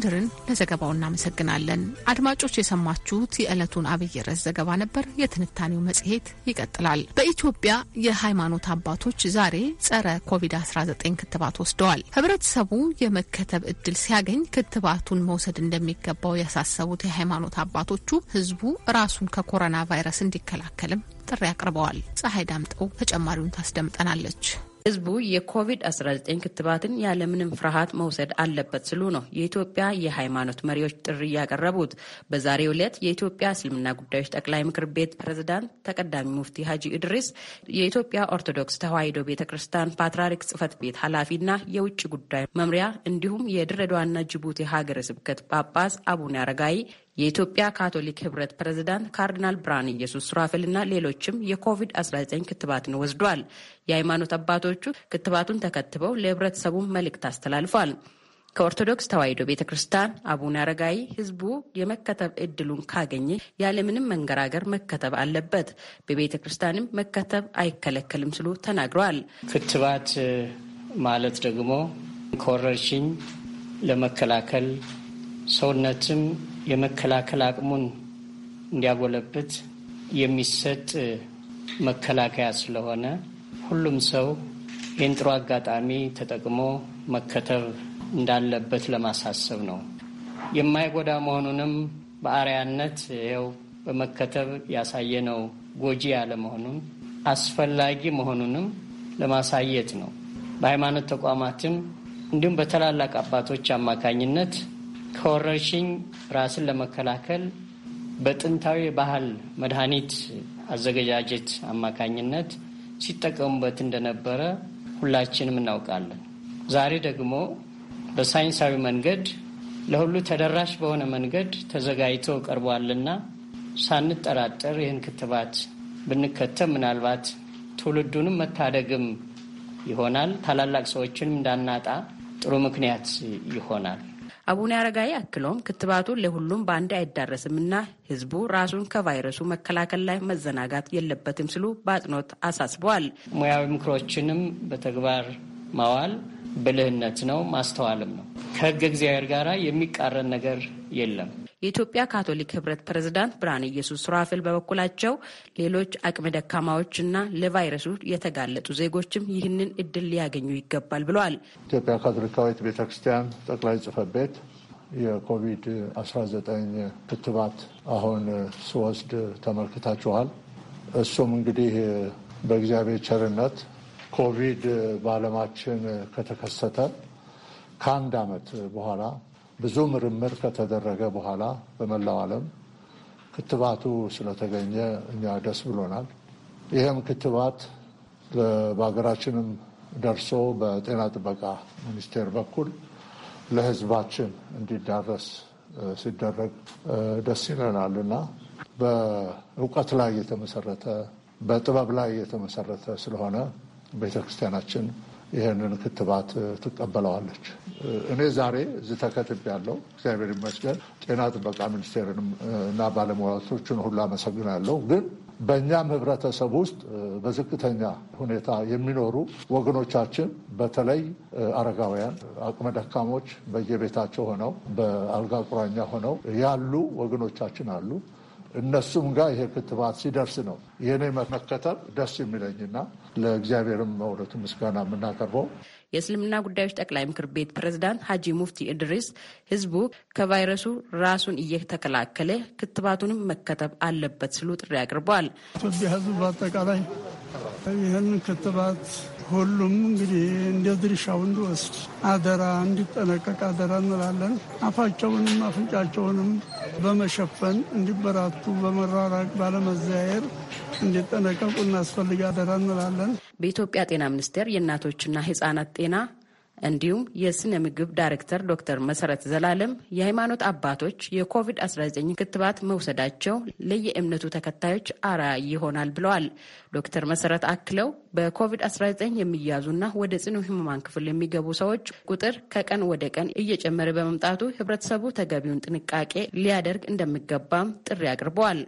እስክንድርን ለዘገባው እናመሰግናለን። አድማጮች የሰማችሁት የዕለቱን አብይ ርዕስ ዘገባ ነበር። የትንታኔው መጽሔት ይቀጥላል። በኢትዮጵያ የሃይማኖት አባቶች ዛሬ ጸረ ኮቪድ-19 ክትባት ወስደዋል። ህብረተሰቡ የመከተብ እድል ሲያገኝ ክትባቱን መውሰድ እንደሚገባው ያሳሰቡት የሃይማኖት አባቶቹ ህዝቡ ራሱን ከኮሮና ቫይረስ እንዲከላከልም ጥሪ አቅርበዋል። ፀሐይ ዳምጠው ተጨማሪውን ታስደምጠናለች። ህዝቡ የኮቪድ-19 ክትባትን ያለምንም ፍርሃት መውሰድ አለበት ስሉ ነው የኢትዮጵያ የሃይማኖት መሪዎች ጥሪ ያቀረቡት። በዛሬው ዕለት የኢትዮጵያ እስልምና ጉዳዮች ጠቅላይ ምክር ቤት ፕሬዝዳንት ተቀዳሚ ሙፍቲ ሀጂ እድሪስ፣ የኢትዮጵያ ኦርቶዶክስ ተዋሕዶ ቤተ ክርስቲያን ፓትርያርክ ጽሕፈት ቤት ኃላፊና የውጭ ጉዳይ መምሪያ እንዲሁም የድሬዳዋና ጅቡቲ ሀገረ ስብከት ጳጳስ አቡነ አረጋይ የኢትዮጵያ ካቶሊክ ህብረት ፕሬዝዳንት ካርዲናል ብርሃነ ኢየሱስ እና ሌሎችም የኮቪድ-19 ክትባትን ወስዷል። የሃይማኖት አባቶቹ ክትባቱን ተከትበው ለህብረተሰቡ መልእክት አስተላልፏል። ከኦርቶዶክስ ተዋሕዶ ቤተ ክርስቲያን አቡነ አረጋዊ ህዝቡ የመከተብ እድሉን ካገኘ ያለምንም መንገራገር መከተብ አለበት፣ በቤተ ክርስቲያንም መከተብ አይከለከልም ስሉ ተናግረዋል። ክትባት ማለት ደግሞ ከወረርሽኝ ለመከላከል ሰውነትም የመከላከል አቅሙን እንዲያጎለብት የሚሰጥ መከላከያ ስለሆነ ሁሉም ሰው ይህን ጥሩ አጋጣሚ ተጠቅሞ መከተብ እንዳለበት ለማሳሰብ ነው። የማይጎዳ መሆኑንም በአርያነት ይኸው በመከተብ ያሳየ ነው። ጎጂ ያለመሆኑን አስፈላጊ መሆኑንም ለማሳየት ነው። በሃይማኖት ተቋማትም እንዲሁም በታላላቅ አባቶች አማካኝነት ከወረርሽኝ ራስን ለመከላከል በጥንታዊ የባህል መድኃኒት አዘገጃጀት አማካኝነት ሲጠቀሙበት እንደነበረ ሁላችንም እናውቃለን። ዛሬ ደግሞ በሳይንሳዊ መንገድ ለሁሉ ተደራሽ በሆነ መንገድ ተዘጋጅቶ ቀርቧልና ሳንጠራጠር ይህን ክትባት ብንከተብ ምናልባት ትውልዱንም መታደግም ይሆናል። ታላላቅ ሰዎችንም እንዳናጣ ጥሩ ምክንያት ይሆናል። አቡነ አረጋዊ አክለውም ክትባቱ ለሁሉም በአንድ እና ህዝቡ ራሱን ከቫይረሱ መከላከል ላይ መዘናጋት የለበትም ሲሉ በአጽንኦት አሳስበዋል። ሙያዊ ምክሮችንም በተግባር ማዋል ብልህነት ነው፣ ማስተዋልም ነው። ከህገ እግዚአብሔር ጋር የሚቃረን ነገር የለም። የኢትዮጵያ ካቶሊክ ህብረት ፕሬዝዳንት ብርሃነ ኢየሱስ ሱራፌል በበኩላቸው ሌሎች አቅመ ደካማዎችና ለቫይረሱ የተጋለጡ ዜጎችም ይህንን እድል ሊያገኙ ይገባል ብለዋል። ኢትዮጵያ ካቶሊካዊት ቤተክርስቲያን ጠቅላይ ጽፈት ቤት የኮቪድ-19 ክትባት አሁን ስወስድ ተመልክታችኋል። እሱም እንግዲህ በእግዚአብሔር ቸርነት ኮቪድ በዓለማችን ከተከሰተ ከአንድ ዓመት በኋላ ብዙ ምርምር ከተደረገ በኋላ በመላው ዓለም ክትባቱ ስለተገኘ እኛ ደስ ብሎናል። ይህም ክትባት በሀገራችንም ደርሶ በጤና ጥበቃ ሚኒስቴር በኩል ለሕዝባችን እንዲዳረስ ሲደረግ ደስ ይለናል እና በእውቀት ላይ የተመሰረተ በጥበብ ላይ የተመሰረተ ስለሆነ ቤተክርስቲያናችን ይህንን ክትባት ትቀበለዋለች። እኔ ዛሬ እዚህ ተከትብ ያለው እግዚአብሔር ይመስገን ጤና ጥበቃ ሚኒስቴርን እና ባለሙያቶችን ሁሉ አመሰግናለሁ። ግን በእኛም ህብረተሰብ ውስጥ በዝቅተኛ ሁኔታ የሚኖሩ ወገኖቻችን በተለይ አረጋውያን፣ አቅመ ደካሞች በየቤታቸው ሆነው በአልጋ ቁራኛ ሆነው ያሉ ወገኖቻችን አሉ። እነሱም ጋር ይሄ ክትባት ሲደርስ ነው የእኔ መከተብ ደስ የሚለኝና ለእግዚአብሔርም በእውነቱ ምስጋና የምናቀርበው። የእስልምና ጉዳዮች ጠቅላይ ምክር ቤት ፕሬዝዳንት ሀጂ ሙፍቲ እድሪስ ህዝቡ ከቫይረሱ ራሱን እየተከላከለ ክትባቱንም መከተብ አለበት ስሉ ጥሪ አቅርበዋል። ኢትዮጵያ ህዝብ በአጠቃላይ ይህን ክትባት ሁሉም እንግዲህ እንደ ድርሻው እንዲወስድ አደራ እንዲጠነቀቅ አደራ እንላለን። አፋቸውንም አፍንጫቸውንም በመሸፈን እንዲበራቱ በመራራቅ ባለመዘያየር እንዲጠነቀቁ እናስፈልግ አደራ እንላለን። በኢትዮጵያ ጤና ሚኒስቴር የእናቶችና ህጻናት ጤና እንዲሁም የስነ ምግብ ዳይሬክተር ዶክተር መሰረት ዘላለም የሃይማኖት አባቶች የኮቪድ-19 ክትባት መውሰዳቸው ለየእምነቱ ተከታዮች አርአያ ይሆናል ብለዋል። ዶክተር መሰረት አክለው በኮቪድ-19 የሚያዙና ወደ ጽኑ ህሙማን ክፍል የሚገቡ ሰዎች ቁጥር ከቀን ወደ ቀን እየጨመረ በመምጣቱ ህብረተሰቡ ተገቢውን ጥንቃቄ ሊያደርግ እንደሚገባም ጥሪ አቅርበዋል።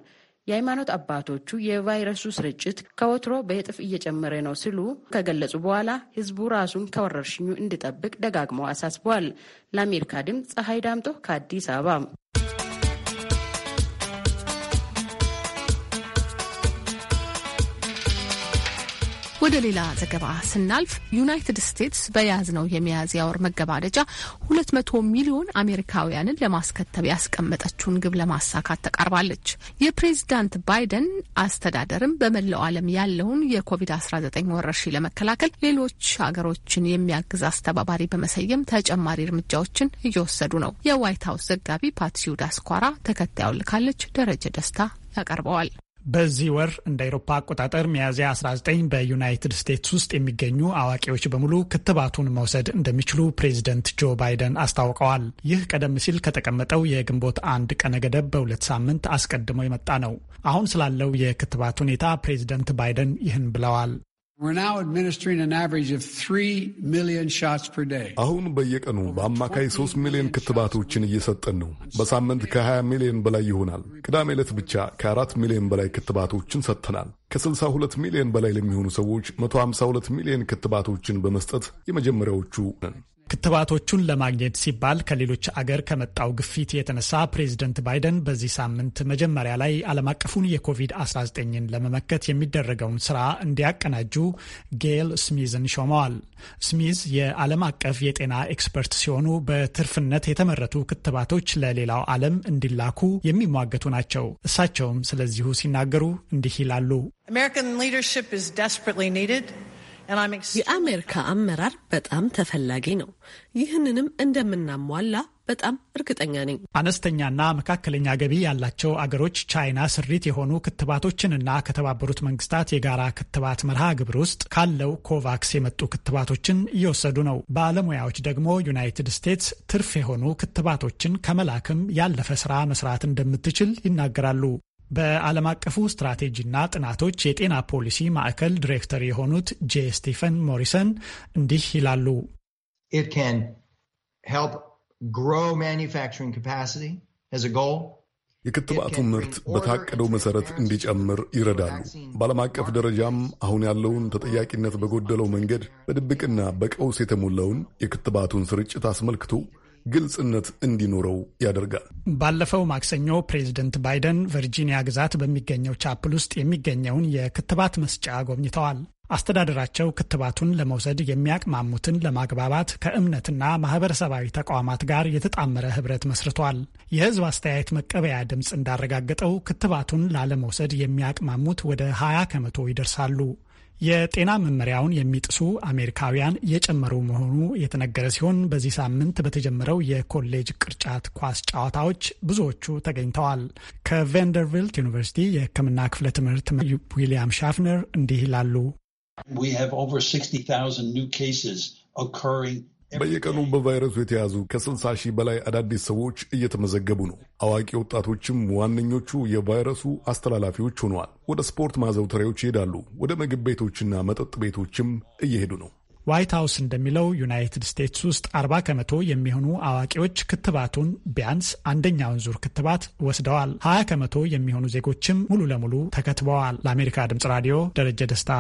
የሃይማኖት አባቶቹ የቫይረሱ ስርጭት ከወትሮ በእጥፍ እየጨመረ ነው ሲሉ ከገለጹ በኋላ ህዝቡ ራሱን ከወረርሽኙ እንዲጠብቅ ደጋግመው አሳስበዋል። ለአሜሪካ ድምፅ ፀሐይ ዳምጦ ከአዲስ አበባ ወደ ሌላ ዘገባ ስናልፍ ዩናይትድ ስቴትስ በያዝነው የሚያዝያ ወር መገባደጃ መቶ ሚሊዮን አሜሪካውያንን ለማስከተብ ያስቀመጠችውን ግብ ለማሳካት ተቃርባለች። የፕሬዚዳንት ባይደን አስተዳደርም በመላው ዓለም ያለውን የኮቪድ-19 ወረርሽኝ ለመከላከል ሌሎች ሀገሮችን የሚያግዝ አስተባባሪ በመሰየም ተጨማሪ እርምጃዎችን እየወሰዱ ነው። የዋይት ሀውስ ዘጋቢ ፓትሲዩ ዳስኳራ ተከታዩን ልካለች። ደረጀ ደስታ ያቀርበዋል። በዚህ ወር እንደ አውሮፓ አቆጣጠር ሚያዝያ 19 በዩናይትድ ስቴትስ ውስጥ የሚገኙ አዋቂዎች በሙሉ ክትባቱን መውሰድ እንደሚችሉ ፕሬዚደንት ጆ ባይደን አስታውቀዋል። ይህ ቀደም ሲል ከተቀመጠው የግንቦት አንድ ቀነ ገደብ በሁለት ሳምንት አስቀድሞ የመጣ ነው። አሁን ስላለው የክትባት ሁኔታ ፕሬዚደንት ባይደን ይህን ብለዋል። አሁን በየቀኑ በአማካይ 3 ሚሊዮን ክትባቶችን እየሰጠን ነው። በሳምንት ከ20 ሚሊዮን በላይ ይሆናል። ቅዳሜ ዕለት ብቻ ከ4 ሚሊዮን በላይ ክትባቶችን ሰጥተናል። ከ62 ሚሊዮን በላይ ለሚሆኑ ሰዎች 152 ሚሊዮን ክትባቶችን በመስጠት የመጀመሪያዎቹ ነን። ክትባቶቹን ለማግኘት ሲባል ከሌሎች አገር ከመጣው ግፊት የተነሳ ፕሬዚደንት ባይደን በዚህ ሳምንት መጀመሪያ ላይ ዓለም አቀፉን የኮቪድ-19ን ለመመከት የሚደረገውን ስራ እንዲያቀናጁ ጌል ስሚዝን ሾመዋል። ስሚዝ የዓለም አቀፍ የጤና ኤክስፐርት ሲሆኑ በትርፍነት የተመረቱ ክትባቶች ለሌላው ዓለም እንዲላኩ የሚሟገቱ ናቸው። እሳቸውም ስለዚሁ ሲናገሩ እንዲህ ይላሉ። የአሜሪካ አመራር በጣም ተፈላጊ ነው። ይህንንም እንደምናሟላ በጣም እርግጠኛ ነኝ። አነስተኛና መካከለኛ ገቢ ያላቸው አገሮች ቻይና ስሪት የሆኑ ክትባቶችንና ከተባበሩት መንግስታት የጋራ ክትባት መርሃ ግብር ውስጥ ካለው ኮቫክስ የመጡ ክትባቶችን እየወሰዱ ነው። ባለሙያዎች ደግሞ ዩናይትድ ስቴትስ ትርፍ የሆኑ ክትባቶችን ከመላክም ያለፈ ስራ መስራት እንደምትችል ይናገራሉ። በዓለም አቀፉ ስትራቴጂና ጥናቶች የጤና ፖሊሲ ማዕከል ዲሬክተር የሆኑት ጄ ስቲፈን ሞሪሰን እንዲህ ይላሉ። የክትባቱ ምርት በታቀደው መሰረት እንዲጨምር ይረዳሉ። በዓለም አቀፍ ደረጃም አሁን ያለውን ተጠያቂነት በጎደለው መንገድ በድብቅና በቀውስ የተሞላውን የክትባቱን ስርጭት አስመልክቶ ግልጽነት እንዲኖረው ያደርጋል። ባለፈው ማክሰኞ ፕሬዚደንት ባይደን ቨርጂኒያ ግዛት በሚገኘው ቻፕል ውስጥ የሚገኘውን የክትባት መስጫ ጎብኝተዋል። አስተዳደራቸው ክትባቱን ለመውሰድ የሚያቅማሙትን ለማግባባት ከእምነትና ማህበረሰባዊ ተቋማት ጋር የተጣመረ ህብረት መስርቷል። የህዝብ አስተያየት መቀበያ ድምፅ እንዳረጋገጠው ክትባቱን ላለመውሰድ የሚያቅማሙት ወደ 20 ከመቶ ይደርሳሉ። የጤና መመሪያውን የሚጥሱ አሜሪካውያን እየጨመሩ መሆኑ የተነገረ ሲሆን በዚህ ሳምንት በተጀመረው የኮሌጅ ቅርጫት ኳስ ጨዋታዎች ብዙዎቹ ተገኝተዋል። ከቬንደርቪልት ዩኒቨርሲቲ የሕክምና ክፍለ ትምህርት ዊሊያም ሻፍነር እንዲህ ይላሉ። We have over 60,000 new cases occurring በየቀኑም በቫይረሱ የተያዙ ከ60 ሺህ በላይ አዳዲስ ሰዎች እየተመዘገቡ ነው። አዋቂ ወጣቶችም ዋነኞቹ የቫይረሱ አስተላላፊዎች ሆነዋል። ወደ ስፖርት ማዘውተሪያዎች ይሄዳሉ። ወደ ምግብ ቤቶችና መጠጥ ቤቶችም እየሄዱ ነው። ዋይት ሀውስ እንደሚለው ዩናይትድ ስቴትስ ውስጥ 40 ከመቶ የሚሆኑ አዋቂዎች ክትባቱን ቢያንስ አንደኛውን ዙር ክትባት ወስደዋል። 20 ከመቶ የሚሆኑ ዜጎችም ሙሉ ለሙሉ ተከትበዋል። ለአሜሪካ ድምጽ ራዲዮ ደረጀ ደስታ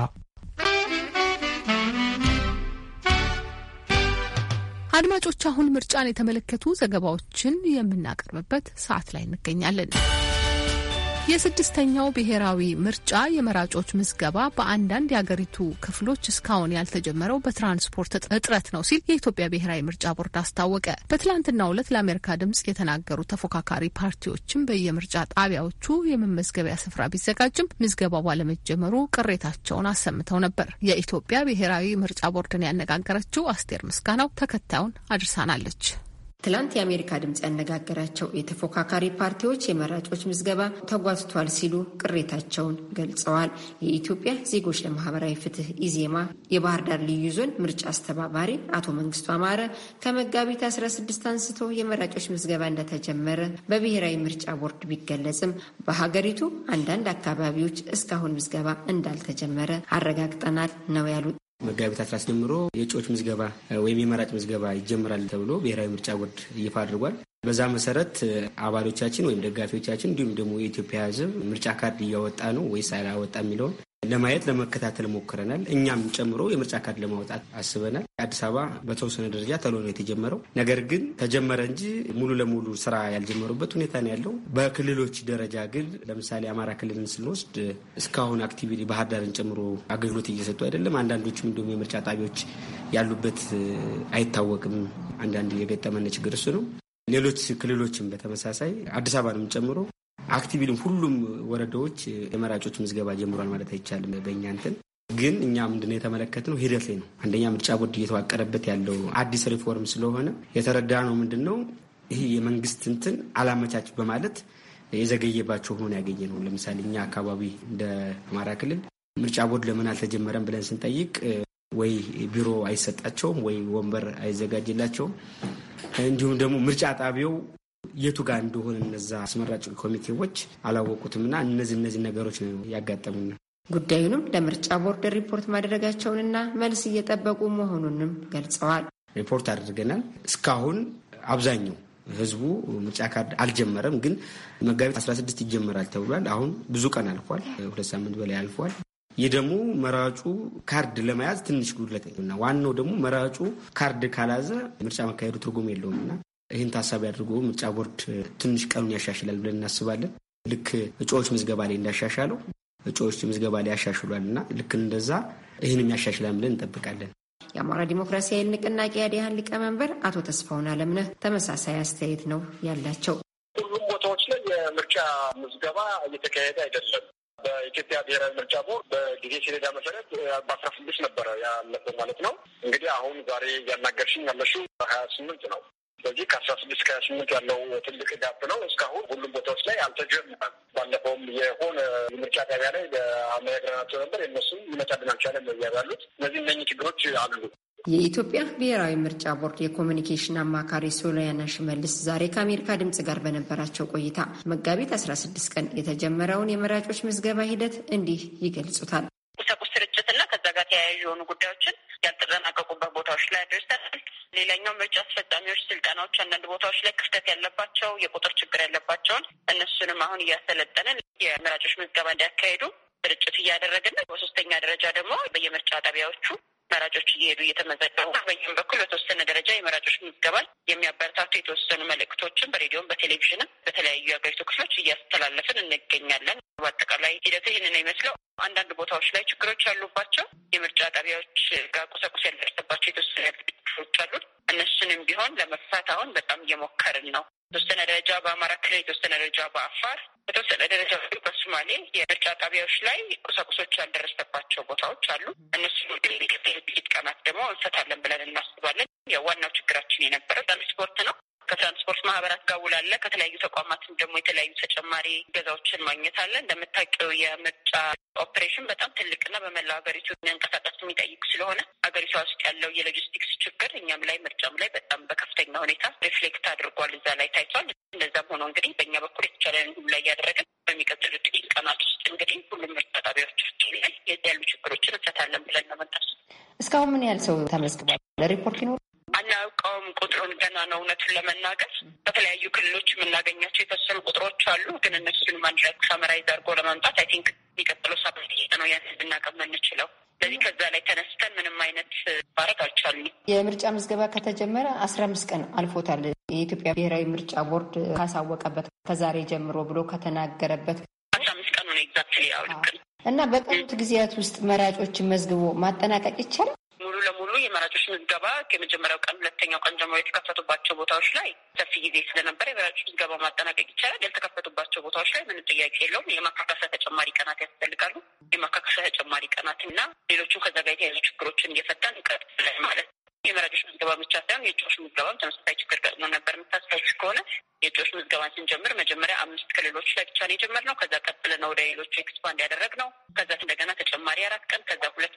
አድማጮች፣ አሁን ምርጫን የተመለከቱ ዘገባዎችን የምናቀርብበት ሰዓት ላይ እንገኛለን። የስድስተኛው ብሔራዊ ምርጫ የመራጮች ምዝገባ በአንዳንድ የአገሪቱ ክፍሎች እስካሁን ያልተጀመረው በትራንስፖርት እጥረት ነው ሲል የኢትዮጵያ ብሔራዊ ምርጫ ቦርድ አስታወቀ። በትላንትናው ዕለት ለአሜሪካ ድምጽ የተናገሩ ተፎካካሪ ፓርቲዎችም በየምርጫ ጣቢያዎቹ የመመዝገቢያ ስፍራ ቢዘጋጅም ምዝገባው ባለመጀመሩ ቅሬታቸውን አሰምተው ነበር። የኢትዮጵያ ብሔራዊ ምርጫ ቦርድን ያነጋገረችው አስቴር ምስጋናው ተከታዩን አድርሳናለች። ትላንት የአሜሪካ ድምፅ ያነጋገራቸው የተፎካካሪ ፓርቲዎች የመራጮች ምዝገባ ተጓትቷል ሲሉ ቅሬታቸውን ገልጸዋል። የኢትዮጵያ ዜጎች ለማህበራዊ ፍትህ ኢዜማ የባህር ዳር ልዩ ዞን ምርጫ አስተባባሪ አቶ መንግስቱ አማረ ከመጋቢት 16 አንስቶ የመራጮች ምዝገባ እንደተጀመረ በብሔራዊ ምርጫ ቦርድ ቢገለጽም በሀገሪቱ አንዳንድ አካባቢዎች እስካሁን ምዝገባ እንዳልተጀመረ አረጋግጠናል ነው ያሉት። መጋቢት አስራ ጀምሮ የእጩዎች ምዝገባ ወይም የመራጭ ምዝገባ ይጀምራል ተብሎ ብሔራዊ ምርጫ ቦርድ ይፋ አድርጓል። በዛ መሰረት አባሎቻችን ወይም ደጋፊዎቻችን እንዲሁም ደግሞ የኢትዮጵያ ሕዝብ ምርጫ ካርድ እያወጣ ነው ወይስ አላወጣ የሚለውን ለማየት ለመከታተል ሞክረናል። እኛም ጨምሮ የምርጫ ካርድ ለማውጣት አስበናል። አዲስ አበባ በተወሰነ ደረጃ ተሎ ነው የተጀመረው። ነገር ግን ተጀመረ እንጂ ሙሉ ለሙሉ ስራ ያልጀመሩበት ሁኔታ ነው ያለው። በክልሎች ደረጃ ግን ለምሳሌ አማራ ክልልን ስንወስድ እስካሁን አክቲቪቲ ባህር ዳርን ጨምሮ አገልግሎት እየሰጡ አይደለም። አንዳንዶችም እንዲሁም የምርጫ ጣቢያዎች ያሉበት አይታወቅም። አንዳንድ የገጠመን ችግር እሱ ነው። ሌሎች ክልሎችም በተመሳሳይ አዲስ አበባንም ጨምሮ አክቲቪሊም ሁሉም ወረዳዎች የመራጮች ምዝገባ ጀምሯል ማለት አይቻልም። በእኛ እንትን ግን እኛ ምንድነው የተመለከትነው ሂደት ላይ ነው። አንደኛ ምርጫ ቦርድ እየተዋቀረበት ያለው አዲስ ሪፎርም ስለሆነ የተረዳ ነው ምንድነው ይህ የመንግስት እንትን አላመቻች በማለት የዘገየባቸው ሆኖ ያገኘ ነው። ለምሳሌ እኛ አካባቢ እንደ አማራ ክልል ምርጫ ቦርድ ለምን አልተጀመረም ብለን ስንጠይቅ ወይ ቢሮ አይሰጣቸውም ወይ ወንበር አይዘጋጅላቸውም እንዲሁም ደግሞ ምርጫ ጣቢያው የቱ ጋር እንደሆን እነዛ አስመራጭ ኮሚቴዎች አላወቁትምና እነዚህ እነዚህ ነገሮች ነው ያጋጠሙና ጉዳዩንም ለምርጫ ቦርድ ሪፖርት ማድረጋቸውንና መልስ እየጠበቁ መሆኑንም ገልጸዋል። ሪፖርት አድርገናል። እስካሁን አብዛኛው ህዝቡ ምርጫ ካርድ አልጀመረም፣ ግን መጋቢት 16 ይጀመራል ተብሏል። አሁን ብዙ ቀን አልፏል፣ ሁለት ሳምንት በላይ አልፏል። ይህ ደግሞ መራጩ ካርድ ለመያዝ ትንሽ ጉድለት እና ዋናው ደግሞ መራጩ ካርድ ካላዘ ምርጫ መካሄዱ ትርጉም የለውም እና ይህን ታሳቢ አድርጎ ምርጫ ቦርድ ትንሽ ቀኑን ያሻሽላል ብለን እናስባለን። ልክ እጩዎች ምዝገባ ላይ እንዳሻሻለው እጩዎች ምዝገባ ላይ ያሻሽሏል እና ልክ እንደዛ ይህንም ያሻሽላል ብለን እንጠብቃለን። የአማራ ዲሞክራሲያዊ ንቅናቄ ያዲያን ሊቀመንበር አቶ ተስፋውን አለምነህ ተመሳሳይ አስተያየት ነው ያላቸው። ሁሉም ቦታዎች ላይ የምርጫ ምዝገባ እየተካሄደ አይደለም። በኢትዮጵያ ብሔራዊ ምርጫ ቦርድ በጊዜ ሰሌዳ መሰረት በአስራ ስድስት ነበረ ያለበት ማለት ነው። እንግዲህ አሁን ዛሬ እያናገርሽኝ ያለሽው ሀያ ስምንት ነው። ስለዚህ ከአስራ ስድስት ከሀያ ስምንት ያለው ትልቅ ጋፕ ነው። እስካሁን ሁሉም ቦታዎች ላይ አልተጀመረም። ባለፈውም የሆነ ምርጫ ጣቢያ ላይ በአመያግራናቸው ነበር። የነሱም ይመጣልን አልቻለም እያሉ ያሉት እነዚህ እነኝህ ችግሮች አሉ። የኢትዮጵያ ብሔራዊ ምርጫ ቦርድ የኮሚኒኬሽን አማካሪ ሶሊያና ሽመልስ ዛሬ ከአሜሪካ ድምጽ ጋር በነበራቸው ቆይታ መጋቢት 16 ቀን የተጀመረውን የመራጮች ምዝገባ ሂደት እንዲህ ይገልጹታል። ቁሳቁስ ስርጭትና ከዛ ጋር ተያያዥ የሆኑ ጉዳዮችን ያልተጠናቀቁበት ቦታዎች ላይ አድርሰናል። ሌላኛው ምርጫ አስፈጻሚዎች ስልጠናዎች አንዳንድ ቦታዎች ላይ ክፍተት ያለባቸው የቁጥር ችግር ያለባቸውን እነሱንም አሁን እያሰለጠንን የምራጮች ምዝገባ እንዲያካሄዱ ስርጭት እያደረግን በሶስተኛ ደረጃ ደግሞ በየምርጫ ጣቢያዎቹ መራጮች እየሄዱ እየተመዘገቡ በዚህም በኩል በተወሰነ ደረጃ የመራጮች ምዝገባል የሚያበረታቱ የተወሰኑ መልእክቶችን በሬዲዮም በቴሌቪዥንም በተለያዩ የሀገሪቱ ክፍሎች እያስተላለፍን እንገኛለን። በአጠቃላይ ሂደት ይህንን ይመስለው። አንዳንድ ቦታዎች ላይ ችግሮች ያሉባቸው የምርጫ ጣቢያዎች ጋር ቁሳቁስ ያልደረሰባቸው የተወሰነ ክፍሎች አሉ። እነሱንም ቢሆን ለመፍታት አሁን በጣም እየሞከርን ነው። የተወሰነ ደረጃ በአማራ ክልል፣ የተወሰነ ደረጃ በአፋር በተወሰነ ደረጃ በሶማሌ የምርጫ ጣቢያዎች ላይ ቁሳቁሶች ያልደረሰባቸው ቦታዎች አሉ። እነሱ ጥቂት ቀናት ደግሞ እንፈታለን ብለን እናስባለን። ዋናው ችግራችን የነበረው ትራንስፖርት ነው። ከትራንስፖርት ማህበራት ጋር ውላለ ከተለያዩ ተቋማትም ደግሞ የተለያዩ ተጨማሪ ገዛዎችን ማግኘት አለ። እንደምታውቂው የምርጫ ኦፕሬሽን በጣም ትልቅና በመላው ሀገሪቱ የሚያንቀሳቀስ የሚጠይቅ ስለሆነ ሀገሪቷ ውስጥ ያለው የሎጂስቲክስ ችግር እኛም ላይ ምርጫም ላይ በጣም በከፍተኛ ሁኔታ ሪፍሌክት አድርጓል፣ እዛ ላይ ታይቷል። እንደዛም ሆኖ እንግዲህ በእኛ በኩል የተቻለን ሁሉ ላይ እያደረግን በሚቀጥሉ ጥቂት ቀናት ውስጥ እንግዲህ ሁሉም ምርጫ ጣቢያዎች ላይ ያሉ ችግሮችን እንፈታለን ብለን ነው። እስካሁን ምን ያህል ሰው ተመዝግቧል? ለሪፖርት ይኖሩ አናውቀውም። ቁጥሩን ገና ነው። እውነቱን ለመናገር በተለያዩ ክልሎች የምናገኛቸው የተወሰኑ ቁጥሮች አሉ። ግን እነሱን ማድረግ ሰመራይዝ አድርጎ ለማምጣት አይ ቲንክ የሚቀጥለው ሰባት ነው ያን ልናቀም የምንችለው ስለዚህ ከዛ ላይ ተነስተን ምንም አይነት ማድረግ አልቻልም የምርጫ ምዝገባ ከተጀመረ አስራ አምስት ቀን አልፎታል። የኢትዮጵያ ብሔራዊ ምርጫ ቦርድ ካሳወቀበት ከዛሬ ጀምሮ ብሎ ከተናገረበት አስራ አምስት ቀን ሆነ ኤግዛክትሊ። አዎ ልክ እና በቀሩት ጊዜያት ውስጥ መራጮችን መዝግቦ ማጠናቀቅ ይቻላል። ለሙሉ የመራጮች ምዝገባ ከመጀመሪያው ቀን ሁለተኛው ቀን ጀምሮ የተከፈቱባቸው ቦታዎች ላይ ሰፊ ጊዜ ስለነበረ የመራጮች ምዝገባ ማጠናቀቅ ይቻላል። ያልተከፈቱባቸው ቦታዎች ላይ ምንም ጥያቄ የለውም። የማካካሻ ተጨማሪ ቀናት ያስፈልጋሉ። የማካካሻ ተጨማሪ ቀናት እና ሌሎቹም ከዛ ጋር የተያዙ ችግሮችን እየፈታን እንቀጥላለን ማለት ነው። የመራጮች ምዝገባ ብቻ ሳይሆን የእጩዎች ምዝገባም ተመሳሳይ ችግር ገጥሞ ነበር። የምታስታውሽ ከሆነ የእጩዎች ምዝገባን ስንጀምር መጀመሪያ አምስት ክልሎች ላይ ብቻ ነው የጀመርነው። ከዛ ነው ወደ ሌሎቹ ኤክስፓንድ ያደረግነው። ከዛ እንደገና ተጨማሪ አራት ቀን ከዛ ሁለት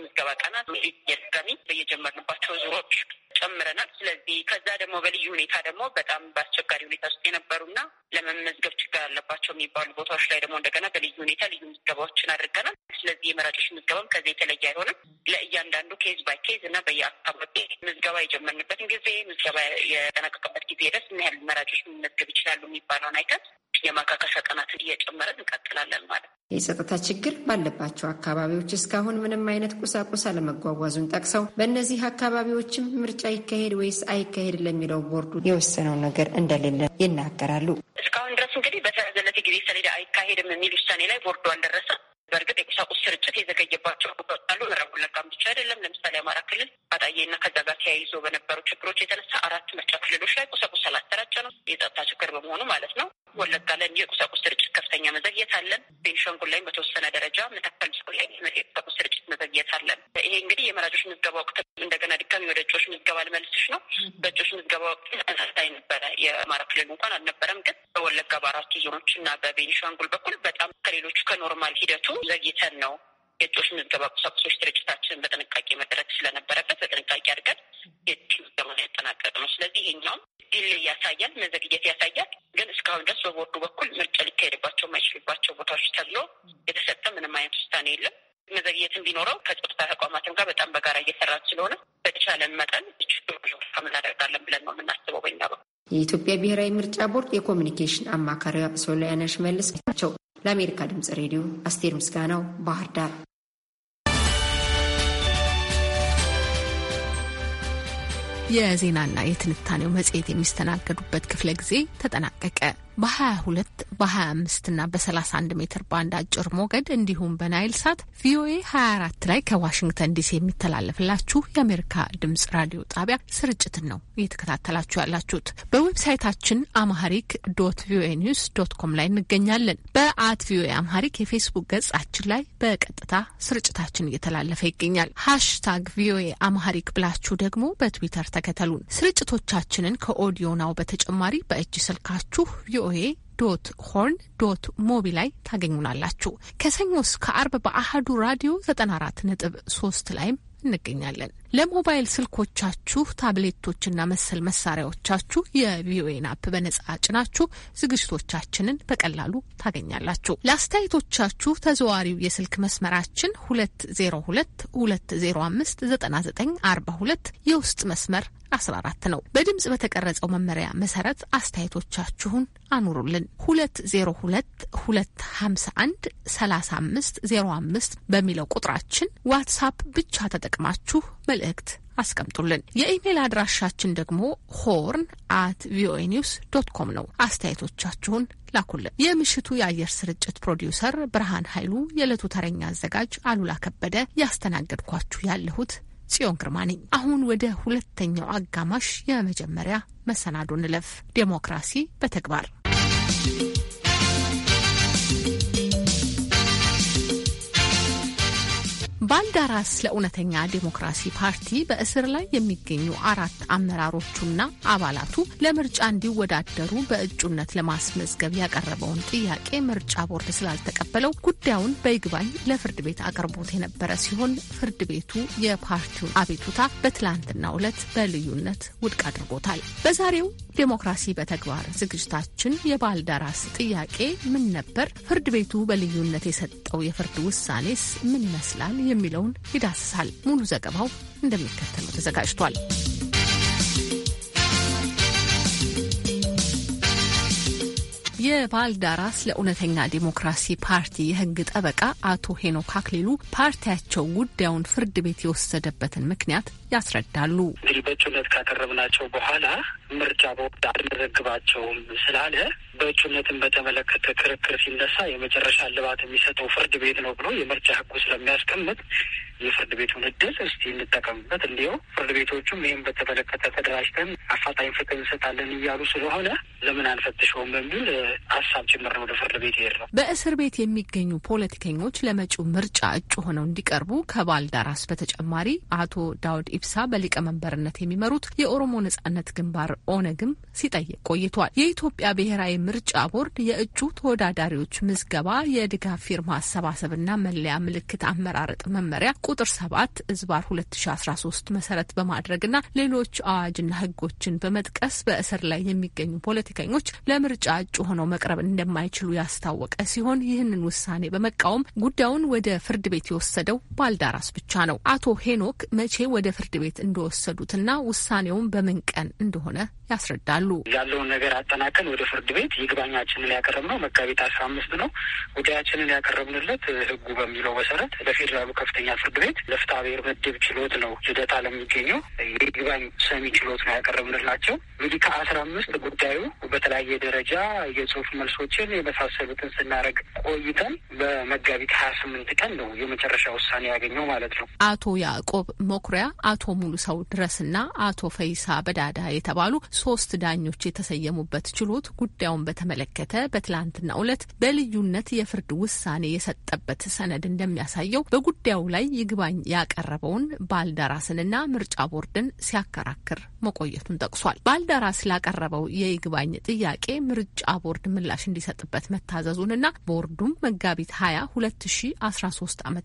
ምዝገባ ቀናት ሊየድጋሚ በየጀመርንባቸው ዙሮች ጨምረናል። ስለዚህ ከዛ ደግሞ በልዩ ሁኔታ ደግሞ በጣም በአስቸጋሪ ሁኔታ ውስጥ የነበሩና ለመመዝገብ ችግር አለባቸው የሚባሉ ቦታዎች ላይ ደግሞ እንደገና በልዩ ሁኔታ ልዩ ምዝገባዎችን አድርገናል። ስለዚህ የመራጮች ምዝገባም ከዚህ የተለየ አይሆንም። ለእያንዳንዱ ኬዝ ባይ ኬዝ እና በየአካባቢ ምዝገባ የጀመርንበትን ጊዜ ምዝገባ የጠናቀቀበት ጊዜ ድረስ ምን ያህል መራጮች መመዝገብ ይችላሉ የሚባለውን አይተን የማካካሻ ቀናትን እየጨመረን እንቀጥላለን ማለት ነው። የጸጥታ ችግር ባለባቸው አካባቢዎች እስካሁን ምንም አይነት ቁሳቁስ አለመጓጓዙን ጠቅሰው በእነዚህ አካባቢዎችም ምርጫ ይካሄድ ወይስ አይካሄድ ለሚለው ቦርዱ የወሰነው ነገር እንደሌለ ይናገራሉ። እስካሁን ድረስ እንግዲህ በተያዘለት ጊዜ ሰሌዳ አይካሄድም የሚል ውሳኔ ላይ ቦርዱ አልደረሰም። በእርግጥ የቁሳቁስ ስርጭት የዘገየባቸው አሉ። ምዕራብ ወለጋም ብቻ አይደለም። ለምሳሌ አማራ ክልል አጣዬና ከዛ ጋር ተያይዞ በነበሩ ችግሮች የተነሳ አራት ምርጫ ክልሎች ላይ ቁሳቁስ አላሰራጨ ነው የጸጥታ ችግር በመሆኑ ማለት ነው። ወለጋ ላይ የቁሳቁስ ስርጭት ከፍተኛ መዘግየት አለን። ቤንሻንጉል ላይም በተወሰነ ደረጃ መተከል ሰው ላይ የቁሳቁስ ስርጭት መዘግየት አለን። ይሄ እንግዲህ የመራጮች ምዝገባ ወቅት እንደገና ድጋሚ ወደ እጩዎች ምዝገባ ልመልስሽ ነው። በእጩዎች ምዝገባ ወቅት ተመሳሳይ ነበረ። የአማራ ክልል እንኳን አልነበረም። ግን በወለጋ በአራቱ ዞኖች እና በቤንሻንጉል በኩል በጣም ከሌሎቹ ከኖርማል ሂደቱ ዘግይተን ነው የእጩዎች ምዝገባ ቁሳቁሶች በጥንቃቄ መደረግ ስለነበረበት በጥንቃቄ አድርገን የእጩ ምዝገባን ያጠናቀቅ ነው። ስለዚህ ይሄኛውም ድል ያሳያል፣ መዘግየት ያሳያል። ግን እስካሁን ድረስ በቦርዱ በኩል ምርጫ ሊካሄድባቸው የማይችልባቸው ቦታዎች ተብሎ የተሰጠ ምንም አይነት ውሳኔ የለም። መዘግየትም ቢኖረው ከጸጥታ ተቋማትም ጋር በጣም በጋራ እየሰራን ስለሆነ በተቻለን መጠን እናደርጋለን ብለን ነው የምናስበው በኛ በኩል። የኢትዮጵያ ብሔራዊ ምርጫ ቦርድ የኮሚኒኬሽን አማካሪ ሶሊያና ሽመልስ ናቸው። ለአሜሪካ ድምፅ ሬዲዮ አስቴር ምስጋናው ባህር ዳር። የዜናና የትንታኔው መጽሔት የሚስተናገዱበት ክፍለ ጊዜ ተጠናቀቀ። በ22 በ25 እና በ31 ሜትር ባንድ አጭር ሞገድ እንዲሁም በናይል ሳት ቪኦኤ 24 ላይ ከዋሽንግተን ዲሲ የሚተላለፍላችሁ የአሜሪካ ድምጽ ራዲዮ ጣቢያ ስርጭትን ነው እየተከታተላችሁ ያላችሁት። በዌብሳይታችን አማሪክ ዶት ቪኦኤ ኒውስ ዶት ኮም ላይ እንገኛለን። በአት ቪኦኤ አማሪክ የፌስቡክ ገጻችን ላይ በቀጥታ ስርጭታችን እየተላለፈ ይገኛል። ሃሽታግ ቪኦኤ አማሪክ ብላችሁ ደግሞ በትዊተር ተከተሉን። ስርጭቶቻችንን ከኦዲዮ ናው በተጨማሪ በእጅ ስልካችሁ ቪኦኤ ዶት ሆርን ዶት ሞቢ ላይ ታገኙናላችሁ። ከሰኞ እስከ አርብ በአህዱ ራዲዮ 94 ነጥብ 3 ላይም እንገኛለን። ለሞባይል ስልኮቻችሁ ታብሌቶችና መሰል መሳሪያዎቻችሁ የቪኦኤን አፕ በነጻ ጭናችሁ ዝግጅቶቻችንን በቀላሉ ታገኛላችሁ። ለአስተያየቶቻችሁ ተዘዋሪው የስልክ መስመራችን ዘጠኝ አርባ ሁለት የውስጥ መስመር 14 ነው። በድምጽ በተቀረጸው መመሪያ መሰረት አስተያየቶቻችሁን አኑሩልን። 2022513505 በሚለው ቁጥራችን ዋትሳፕ ብቻ ተጠቅማችሁ መልእክት አስቀምጡልን። የኢሜል አድራሻችን ደግሞ ሆርን አት ቪኦኤ ኒውስ ዶት ኮም ነው። አስተያየቶቻችሁን ላኩልን። የምሽቱ የአየር ስርጭት ፕሮዲውሰር ብርሃን ኃይሉ፣ የዕለቱ ተረኛ አዘጋጅ አሉላ ከበደ፣ ያስተናገድኳችሁ ያለሁት ጽዮን ግርማ ነኝ። አሁን ወደ ሁለተኛው አጋማሽ የመጀመሪያ መሰናዶ እንለፍ። ዴሞክራሲ በተግባር ባልደራስ ለእውነተኛ ዴሞክራሲ ፓርቲ በእስር ላይ የሚገኙ አራት አመራሮቹና አባላቱ ለምርጫ እንዲወዳደሩ በእጩነት ለማስመዝገብ ያቀረበውን ጥያቄ ምርጫ ቦርድ ስላልተቀበለው ጉዳዩን በይግባኝ ለፍርድ ቤት አቅርቦት የነበረ ሲሆን ፍርድ ቤቱ የፓርቲውን አቤቱታ በትላንትናው ዕለት በልዩነት ውድቅ አድርጎታል። በዛሬው ዴሞክራሲ በተግባር ዝግጅታችን የባልደራስ ጥያቄ ምን ነበር፣ ፍርድ ቤቱ በልዩነት የሰጠው የፍርድ ውሳኔስ ምን ይመስላል የሚለውን ይዳስሳል። ሙሉ ዘገባው እንደሚከተለው ተዘጋጅቷል። የባልዳራስ ለእውነተኛ ዲሞክራሲ ፓርቲ የህግ ጠበቃ አቶ ሄኖክ አክሊሉ ፓርቲያቸው ጉዳዩን ፍርድ ቤት የወሰደበትን ምክንያት ያስረዳሉ። እንግዲህ በእጩነት ካቀረብናቸው በኋላ ምርጫ ቦርድ አልመዘግባቸውም ስላለ በእጩነትን በተመለከተ ክርክር ሲነሳ የመጨረሻ ልባት የሚሰጠው ፍርድ ቤት ነው ብሎ የምርጫ ህጉ ስለሚያስቀምጥ የፍርድ ቤቱን እድል እስቲ እንጠቀምበት። እንዲሁ ፍርድ ቤቶቹም ይህም በተመለከተ ተደራጅተን አፋጣኝ ፍትህ እንሰጣለን እያሉ ስለሆነ ለምን አንፈትሸውም በሚል ሀሳብ ጭምር ነው ወደ ፍርድ ቤት ይሄድ ነው። በእስር ቤት የሚገኙ ፖለቲከኞች ለመጪው ምርጫ እጩ ሆነው እንዲቀርቡ ከባልዳራስ በተጨማሪ አቶ ዳውድ ኢብሳ በሊቀመንበርነት የሚመሩት የኦሮሞ ነጻነት ግንባር ኦነግም ሲጠይቅ ቆይቷል። የኢትዮጵያ ብሔራዊ ምርጫ ቦርድ የእጩ ተወዳዳሪዎች ምዝገባ፣ የድጋፍ ፊርማ አሰባሰብና መለያ ምልክት አመራረጥ መመሪያ ቁጥር ሰባት እዝባር 2013 መሰረት በማድረግና ሌሎች አዋጅና ህጎችን በመጥቀስ በእስር ላይ የሚገኙ ፖለቲከኞች ለምርጫ እጩ ሆነው መቅረብ እንደማይችሉ ያስታወቀ ሲሆን ይህንን ውሳኔ በመቃወም ጉዳዩን ወደ ፍርድ ቤት የወሰደው ባልዳራስ ብቻ ነው። አቶ ሄኖክ መቼ ወደ ፍርድ ቤት እንደወሰዱትና ውሳኔውን በምን ቀን እንደሆነ ያስረዳሉ። ያለውን ነገር አጠናቀን ወደ ፍርድ ቤት ይግባኛችንን ያቀረብነው መጋቢት አስራ አምስት ነው። ጉዳያችንን ያቀረብንለት ህጉ በሚለው መሰረት ለፌዴራሉ ከፍተኛ ፍርድ ቤት ለፍትሐ ብሔር ምድብ ችሎት ነው ልደታ ለሚገኘው የይግባኝ ሰሚ ችሎት ነው ያቀረብንላቸው። እንግዲህ ከአስራ አምስት ጉዳዩ በተለያየ ደረጃ የጽሁፍ መልሶችን የመሳሰሉትን ስናደርግ ቆይተን በመጋቢት ሀያ ስምንት ቀን ነው የመጨረሻ ውሳኔ ያገኘው ማለት ነው። አቶ ያዕቆብ መኩሪያ፣ አቶ ሙሉ ሰው ድረስና አቶ ፈይሳ በዳዳ የተባሉ ሶስት ዳኞች የተሰየሙበት ችሎት ጉዳዩን በተመለከተ በትላንትናው ዕለት በልዩነት የፍርድ ውሳኔ የሰጠበት ሰነድ እንደሚያሳየው በጉዳዩ ላይ ይግባኝ ያቀረበውን ባልደራስንና ምርጫ ቦርድን ሲያከራክር መቆየቱን ጠቅሷል። ባልደራስ ላቀረበው የይግባኝ ጥያቄ ምርጫ ቦርድ ምላሽ እንዲሰጥበት መታዘዙንና ቦርዱም መጋቢት 20 2013 ዓ ም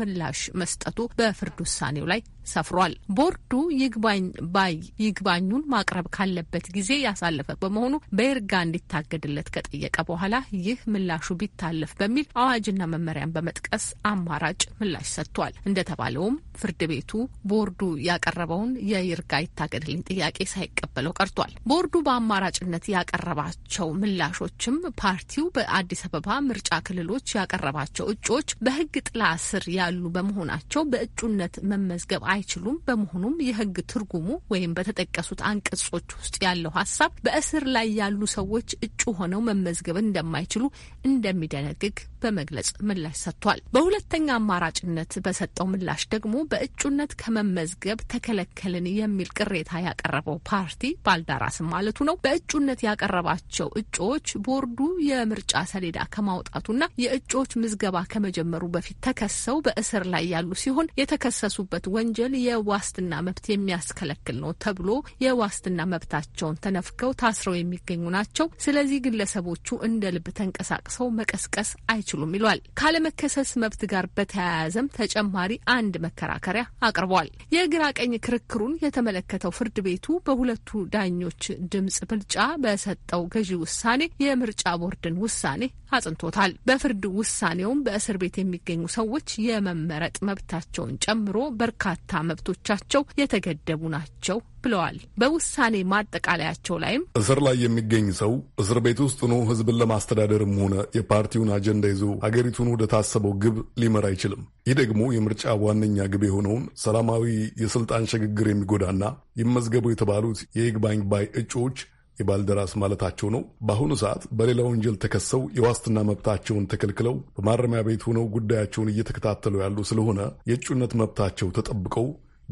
ምላሽ መስጠቱ በፍርድ ውሳኔው ላይ ሰፍሯል። ቦርዱ ይግባኝ ባይ ይግባኙን ማቅረብ ካለበት ጊዜ ያሳለፈ በመሆኑ በይርጋ እንዲታገድለት ከጠየቀ በኋላ ይህ ምላሹ ቢታለፍ በሚል አዋጅና መመሪያን በመጥቀስ አማራጭ ምላሽ ሰጥቷል። እንደተባለውም ፍርድ ቤቱ ቦርዱ ያቀረበውን የይርጋ ይታገድ ያቀረበልኝ ጥያቄ ሳይቀበለው ቀርቷል። ቦርዱ በአማራጭነት ያቀረባቸው ምላሾችም ፓርቲው በአዲስ አበባ ምርጫ ክልሎች ያቀረባቸው እጩዎች በህግ ጥላ ስር ያሉ በመሆናቸው በእጩነት መመዝገብ አይችሉም። በመሆኑም የህግ ትርጉሙ ወይም በተጠቀሱት አንቀጾች ውስጥ ያለው ሀሳብ በእስር ላይ ያሉ ሰዎች እጩ ሆነው መመዝገብ እንደማይችሉ እንደሚደነግግ በመግለጽ ምላሽ ሰጥቷል። በሁለተኛ አማራጭነት በሰጠው ምላሽ ደግሞ በእጩነት ከመመዝገብ ተከለከልን የሚል ቅሬታ ያቀረበው ፓርቲ ባልደራስም ማለቱ ነው በእጩነት ያቀረባቸው እጩዎች ቦርዱ የምርጫ ሰሌዳ ከማውጣቱና የእጩዎች ምዝገባ ከመጀመሩ በፊት ተከሰው በእስር ላይ ያሉ ሲሆን የተከሰሱበት ወንጀል የዋስትና መብት የሚያስከለክል ነው ተብሎ የዋስትና መብታቸውን ተነፍገው ታስረው የሚገኙ ናቸው። ስለዚህ ግለሰቦቹ እንደ ልብ ተንቀሳቅሰው መቀስቀስ አይ አይችሉም ይሏል። ካለመከሰስ መብት ጋር በተያያዘም ተጨማሪ አንድ መከራከሪያ አቅርቧል። የግራ ቀኝ ክርክሩን የተመለከተው ፍርድ ቤቱ በሁለቱ ዳኞች ድምጽ ብልጫ በሰጠው ገዢ ውሳኔ የምርጫ ቦርድን ውሳኔ አጽንቶታል። በፍርድ ውሳኔውም በእስር ቤት የሚገኙ ሰዎች የመመረጥ መብታቸውን ጨምሮ በርካታ መብቶቻቸው የተገደቡ ናቸው ብለዋል። በውሳኔ ማጠቃለያቸው ላይም እስር ላይ የሚገኝ ሰው እስር ቤት ውስጥ ሆኖ ህዝብን ለማስተዳደርም ሆነ የፓርቲውን አጀንዳ ይዞ ሀገሪቱን ወደ ታሰበው ግብ ሊመራ አይችልም። ይህ ደግሞ የምርጫ ዋነኛ ግብ የሆነውን ሰላማዊ የስልጣን ሽግግር የሚጎዳና ይመዝገቡ የተባሉት የይግባኝ ባይ እጩዎች የባልደራስ ማለታቸው ነው። በአሁኑ ሰዓት በሌላ ወንጀል ተከሰው የዋስትና መብታቸውን ተከልክለው በማረሚያ ቤት ሆነው ጉዳያቸውን እየተከታተሉ ያሉ ስለሆነ የእጩነት መብታቸው ተጠብቀው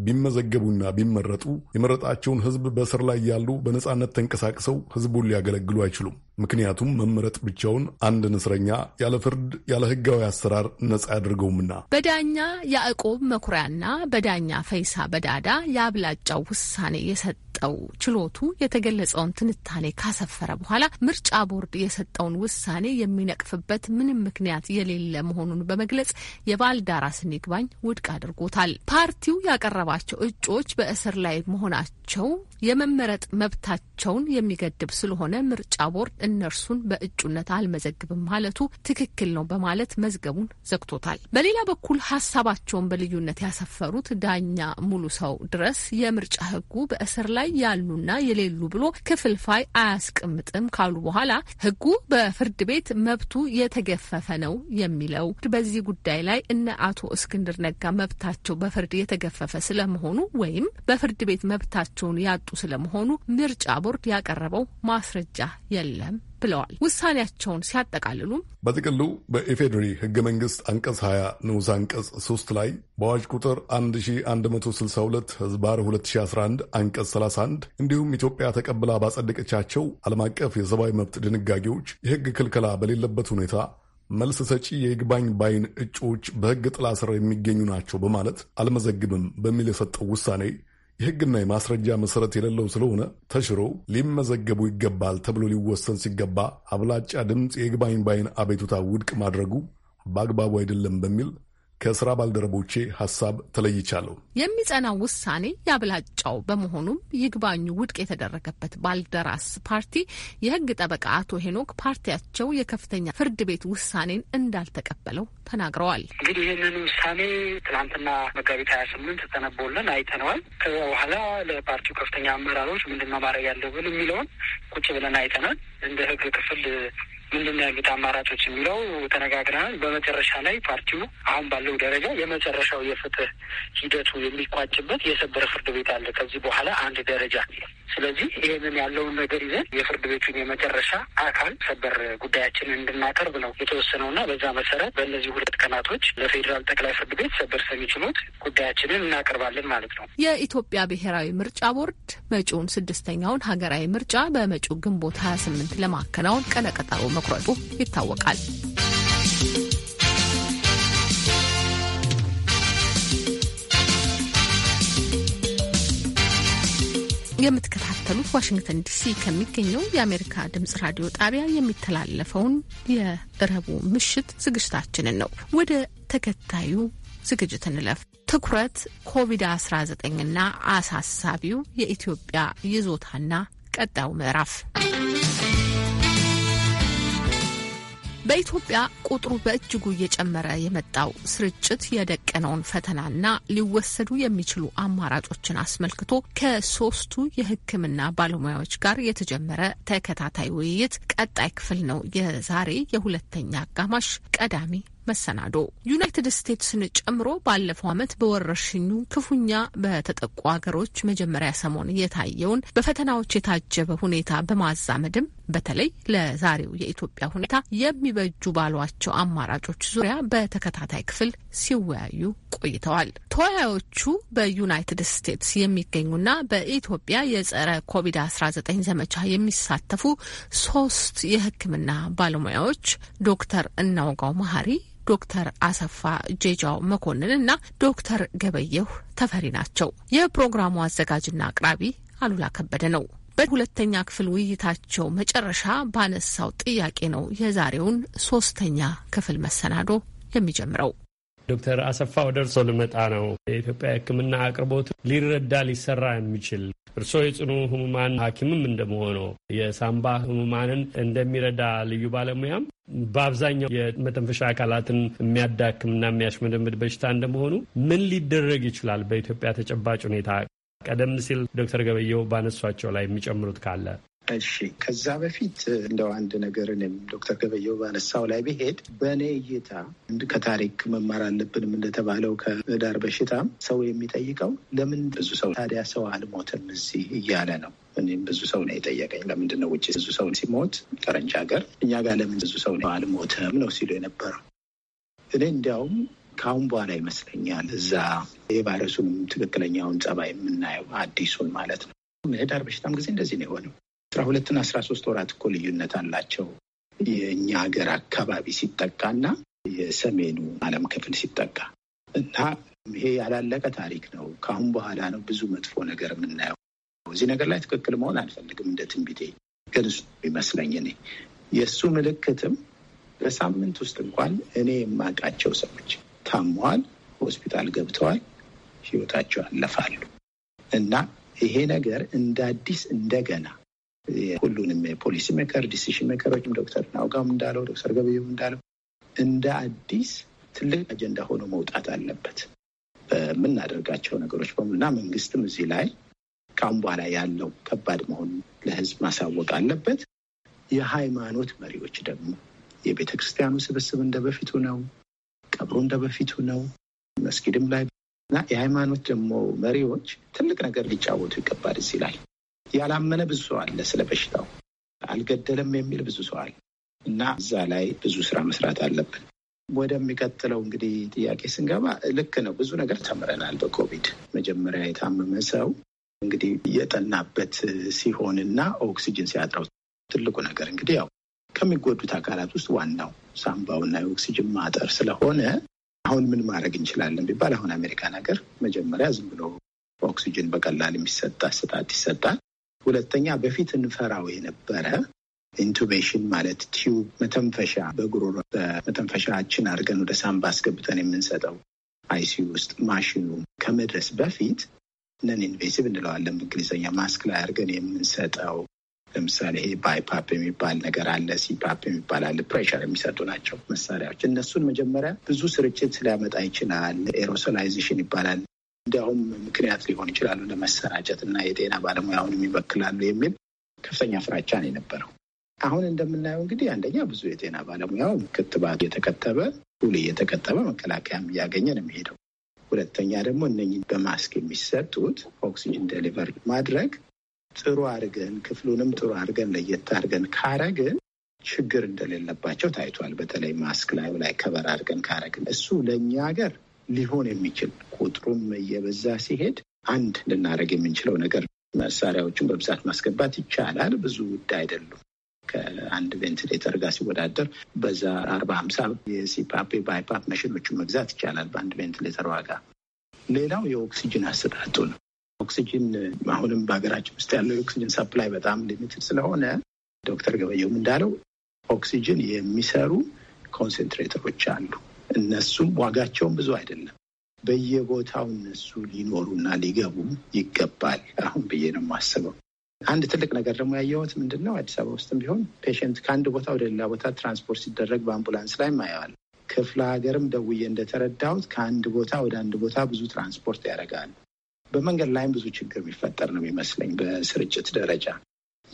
ቢመዘገቡና ቢመረጡ የመረጣቸውን ህዝብ በእስር ላይ ያሉ በነጻነት ተንቀሳቅሰው ህዝቡን ሊያገለግሉ አይችሉም። ምክንያቱም መመረጥ ብቻውን አንድን እስረኛ ያለ ፍርድ ያለ ህጋዊ አሰራር ነጻ ያደርገውምና። በዳኛ ያዕቆብ መኩሪያና በዳኛ ፈይሳ በዳዳ የአብላጫው ውሳኔ የሰጠው ችሎቱ የተገለጸውን ትንታኔ ካሰፈረ በኋላ ምርጫ ቦርድ የሰጠውን ውሳኔ የሚነቅፍበት ምንም ምክንያት የሌለ መሆኑን በመግለጽ የባልደራስን ይግባኝ ውድቅ አድርጎታል። ፓርቲው ያቀረባቸው እጩዎች በእስር ላይ መሆናቸው የመመረጥ መብታቸውን የሚገድብ ስለሆነ ምርጫ ቦርድ እነርሱን በእጩነት አልመዘግብም ማለቱ ትክክል ነው በማለት መዝገቡን ዘግቶታል። በሌላ በኩል ሀሳባቸውን በልዩነት ያሰፈሩት ዳኛ ሙሉ ሰው ድረስ የምርጫ ህጉ በእስር ላይ ያሉና የሌሉ ብሎ ክፍልፋይ አያስቀምጥም ካሉ በኋላ ህጉ በፍርድ ቤት መብቱ የተገፈፈ ነው የሚለው በዚህ ጉዳይ ላይ እነ አቶ እስክንድር ነጋ መብታቸው በፍርድ የተገፈፈ ስለመሆኑ ወይም በፍርድ ቤት መብታቸውን ያጡ ስለመሆኑ ምርጫ ቦርድ ያቀረበው ማስረጃ የለም ብለዋል። ውሳኔያቸውን ሲያጠቃልሉም በጥቅሉ በኢፌዴሪ ህገ መንግስት አንቀጽ 20 ንዑስ አንቀጽ 3 ላይ በአዋጅ ቁጥር 1162 ህዝባር 2011 አንቀጽ 31 እንዲሁም ኢትዮጵያ ተቀብላ ባጸደቀቻቸው ዓለም አቀፍ የሰብአዊ መብት ድንጋጌዎች የህግ ክልከላ በሌለበት ሁኔታ መልስ ሰጪ የይግባኝ ባይን እጩዎች በህግ ጥላ ስር የሚገኙ ናቸው በማለት አልመዘግብም በሚል የሰጠው ውሳኔ የህግና የማስረጃ መሰረት የሌለው ስለሆነ ተሽሮ ሊመዘገቡ ይገባል ተብሎ ሊወሰን ሲገባ አብላጫ ድምፅ የይግባኝ ባይን አቤቱታ ውድቅ ማድረጉ በአግባቡ አይደለም በሚል ከስራ ባልደረቦቼ ሀሳብ ተለይቻለሁ። የሚጸናው ውሳኔ ያብላጫው በመሆኑም ይግባኙ ውድቅ የተደረገበት ባልደራስ ፓርቲ የህግ ጠበቃ አቶ ሄኖክ ፓርቲያቸው የከፍተኛ ፍርድ ቤት ውሳኔን እንዳልተቀበለው ተናግረዋል። እንግዲህ ይህንን ውሳኔ ትናንትና መጋቢት ሀያ ስምንት ተነቦልን አይተነዋል። ከዛ በኋላ ለፓርቲው ከፍተኛ አመራሮች ምንድነው ማድረግ ያለብን የሚለውን ቁጭ ብለን አይተናል። እንደ ህግ ክፍል ምንድን ነው ያሉት አማራጮች የሚለው ተነጋግረናል። በመጨረሻ ላይ ፓርቲው አሁን ባለው ደረጃ የመጨረሻው የፍትህ ሂደቱ የሚቋጭበት የሰበር ፍርድ ቤት አለ። ከዚህ በኋላ አንድ ደረጃ ስለዚህ ይህንን ያለውን ነገር ይዘን የፍርድ ቤቱን የመጨረሻ አካል ሰበር ጉዳያችንን እንድናቀርብ ነው የተወሰነውና በዛ መሰረት በእነዚህ ሁለት ቀናቶች ለፌዴራል ጠቅላይ ፍርድ ቤት ሰበር ሰሚ ችሎት ጉዳያችንን እናቀርባለን ማለት ነው። የኢትዮጵያ ብሔራዊ ምርጫ ቦርድ መጪውን ስድስተኛውን ሀገራዊ ምርጫ በመጪው ግንቦት ሀያ ስምንት ለማከናወን ቀነቀጠሮ መቁረጡ ይታወቃል። የምትከታተሉት ዋሽንግተን ዲሲ ከሚገኘው የአሜሪካ ድምጽ ራዲዮ ጣቢያ የሚተላለፈውን የረቡ ምሽት ዝግጅታችንን ነው። ወደ ተከታዩ ዝግጅት እንለፍ። ትኩረት ኮቪድ-19ና አሳሳቢው የኢትዮጵያ ይዞታና ቀጣዩ ምዕራፍ በኢትዮጵያ ቁጥሩ በእጅጉ እየጨመረ የመጣው ስርጭት የደቀነውን ፈተናና ሊወሰዱ የሚችሉ አማራጮችን አስመልክቶ ከሶስቱ የሕክምና ባለሙያዎች ጋር የተጀመረ ተከታታይ ውይይት ቀጣይ ክፍል ነው። የዛሬ የሁለተኛ አጋማሽ ቀዳሚ መሰናዶ ዩናይትድ ስቴትስን ጨምሮ ባለፈው ዓመት በወረርሽኙ ክፉኛ በተጠቁ ሀገሮች መጀመሪያ ሰሞን የታየውን በፈተናዎች የታጀበ ሁኔታ በማዛመድም በተለይ ለዛሬው የኢትዮጵያ ሁኔታ የሚበጁ ባሏቸው አማራጮች ዙሪያ በተከታታይ ክፍል ሲወያዩ ቆይተዋል። ተወያዮቹ በዩናይትድ ስቴትስ የሚገኙና በኢትዮጵያ የጸረ ኮቪድ-19 ዘመቻ የሚሳተፉ ሶስት የሕክምና ባለሙያዎች ዶክተር እናውጋው መሀሪ ዶክተር አሰፋ ጄጃው መኮንን እና ዶክተር ገበየሁ ተፈሪ ናቸው። የፕሮግራሙ አዘጋጅና አቅራቢ አሉላ ከበደ ነው። በሁለተኛ ክፍል ውይይታቸው መጨረሻ ባነሳው ጥያቄ ነው የዛሬውን ሶስተኛ ክፍል መሰናዶ የሚጀምረው። ዶክተር አሰፋ ወደ እርሶ ልመጣ ነው። የኢትዮጵያ ህክምና አቅርቦት ሊረዳ ሊሰራ የሚችል እርስዎ የጽኑ ህሙማን ሐኪምም እንደመሆኑ የሳምባ ህሙማንን እንደሚረዳ ልዩ ባለሙያም በአብዛኛው የመተንፈሻ አካላትን የሚያዳክምና የሚያሽመደምድ በሽታ እንደመሆኑ ምን ሊደረግ ይችላል? በኢትዮጵያ ተጨባጭ ሁኔታ ቀደም ሲል ዶክተር ገበየው ባነሷቸው ላይ የሚጨምሩት ካለ እሺ ከዛ በፊት እንደው አንድ ነገር እኔም ዶክተር ገበየው ባነሳው ላይ ብሄድ በእኔ እይታ ከታሪክ መማር አለብንም እንደተባለው ከዳር በሽታም ሰው የሚጠይቀው ለምን ብዙ ሰው ታዲያ ሰው አልሞትም እዚህ እያለ ነው። እኔም ብዙ ሰው ነው የጠየቀኝ። ለምንድን ነው ውጭ ብዙ ሰው ሲሞት ፈረንጅ ሀገር፣ እኛ ጋር ለምን ብዙ ሰው አልሞትም ነው ሲሉ የነበረው። እኔ እንዲያውም ከአሁን በኋላ ይመስለኛል እዛ የቫይረሱንም ትክክለኛውን ጸባይ የምናየው አዲሱን ማለት ነው። የዳር በሽታም ጊዜ እንደዚህ ነው የሆነው አስራ ሁለትና አስራ ሶስት ወራት እኮ ልዩነት አላቸው። የእኛ ሀገር አካባቢ ሲጠቃና የሰሜኑ ዓለም ክፍል ሲጠቃ እና ይሄ ያላለቀ ታሪክ ነው። ከአሁን በኋላ ነው ብዙ መጥፎ ነገር የምናየው። እዚህ ነገር ላይ ትክክል መሆን አልፈልግም እንደ ትንቢቴ፣ ግን እሱ ይመስለኝ እኔ የእሱ ምልክትም በሳምንት ውስጥ እንኳን እኔ የማውቃቸው ሰዎች ታመዋል፣ ሆስፒታል ገብተዋል፣ ህይወታቸው ያለፋሉ እና ይሄ ነገር እንደ አዲስ እንደገና ሁሉንም ፖሊሲ ሜከር ዲሲሽን ሜከሮችም ዶክተር ናውጋም እንዳለው ዶክተር ገበየው እንዳለው እንደ አዲስ ትልቅ አጀንዳ ሆኖ መውጣት አለበት በምናደርጋቸው ነገሮች በሙሉና መንግስትም እዚህ ላይ ከአሁን በኋላ ያለው ከባድ መሆኑ ለህዝብ ማሳወቅ አለበት። የሃይማኖት መሪዎች ደግሞ የቤተ ክርስቲያኑ ስብስብ እንደ በፊቱ ነው፣ ቀብሩ እንደ በፊቱ ነው፣ መስጊድም ላይ እና የሃይማኖት ደግሞ መሪዎች ትልቅ ነገር ሊጫወቱ ይገባል እዚህ ላይ ያላመነ ብዙ ሰው አለ። ስለ በሽታው አልገደለም የሚል ብዙ ሰው አለ እና እዛ ላይ ብዙ ስራ መስራት አለብን። ወደሚቀጥለው እንግዲህ ጥያቄ ስንገባ ልክ ነው። ብዙ ነገር ተምረናል። በኮቪድ መጀመሪያ የታመመ ሰው እንግዲህ የጠናበት ሲሆን እና ኦክሲጅን ሲያጥረው ትልቁ ነገር እንግዲህ ያው ከሚጎዱት አካላት ውስጥ ዋናው ሳምባውና የኦክሲጅን ማጠር ስለሆነ አሁን ምን ማድረግ እንችላለን ቢባል አሁን አሜሪካን ሀገር መጀመሪያ ዝም ብሎ ኦክሲጅን በቀላል የሚሰጥ አሰጣጥ ይሰጣል። ሁለተኛ በፊት እንፈራው የነበረ ኢንቱቤሽን ማለት ቲዩብ መተንፈሻ በጉሮሮ መተንፈሻችን አድርገን ወደ ሳምባ አስገብተን የምንሰጠው አይሲዩ ውስጥ ማሽኑ ከመድረስ በፊት ነን ኢንቬሲቭ እንለዋለን በእንግሊዝኛ ማስክ ላይ አድርገን የምንሰጠው ለምሳሌ ይሄ ባይፓፕ የሚባል ነገር አለ፣ ሲፓፕ የሚባል አለ። ፕሬሸር የሚሰጡ ናቸው መሳሪያዎች። እነሱን መጀመሪያ ብዙ ስርጭት ሊያመጣ ይችላል። ኤሮሶላይዜሽን ይባላል። እንዲያውም ምክንያት ሊሆን ይችላሉ ለመሰራጨት እና የጤና ባለሙያውንም ይበክላሉ የሚል ከፍተኛ ፍራቻ ነው የነበረው። አሁን እንደምናየው እንግዲህ አንደኛ ብዙ የጤና ባለሙያው ክትባት እየተከተበ ሁሉ እየተከተበ መከላከያም እያገኘ ነው የሚሄደው። ሁለተኛ ደግሞ እነኝህ በማስክ የሚሰጡት ኦክሲጅን ደሊቨር ማድረግ ጥሩ አድርገን ክፍሉንም ጥሩ አድርገን ለየት አድርገን ካረግን ችግር እንደሌለባቸው ታይቷል። በተለይ ማስክ ላዩ ላይ ከበር አድርገን ካረግን እሱ ለእኛ ሀገር ሊሆን የሚችል ቁጥሩም እየበዛ ሲሄድ አንድ ልናደርግ የምንችለው ነገር መሳሪያዎቹን በብዛት ማስገባት ይቻላል። ብዙ ውድ አይደሉም። ከአንድ ቬንትሌተር ጋር ሲወዳደር በዛ አርባ ሀምሳ የሲፓፕ ባይፓፕ መሽኖችን መግዛት ይቻላል በአንድ ቬንትሌተር ዋጋ። ሌላው የኦክሲጅን አሰጣጡ ነው። ኦክሲጅን አሁንም በሀገራችን ውስጥ ያለው የኦክሲጅን ሰፕላይ በጣም ሊሚትድ ስለሆነ ዶክተር ገበየውም እንዳለው ኦክሲጅን የሚሰሩ ኮንሰንትሬተሮች አሉ። እነሱም ዋጋቸውም ብዙ አይደለም። በየቦታው እነሱ ሊኖሩና ሊገቡ ይገባል አሁን ብዬ ነው የማስበው። አንድ ትልቅ ነገር ደግሞ ያየሁት ምንድን ነው አዲስ አበባ ውስጥም ቢሆን ፔሸንት ከአንድ ቦታ ወደ ሌላ ቦታ ትራንስፖርት ሲደረግ በአምቡላንስ ላይ ማየዋል። ክፍለ ሀገርም ደውዬ እንደተረዳሁት ከአንድ ቦታ ወደ አንድ ቦታ ብዙ ትራንስፖርት ያደርጋል። በመንገድ ላይም ብዙ ችግር የሚፈጠር ነው የሚመስለኝ በስርጭት ደረጃ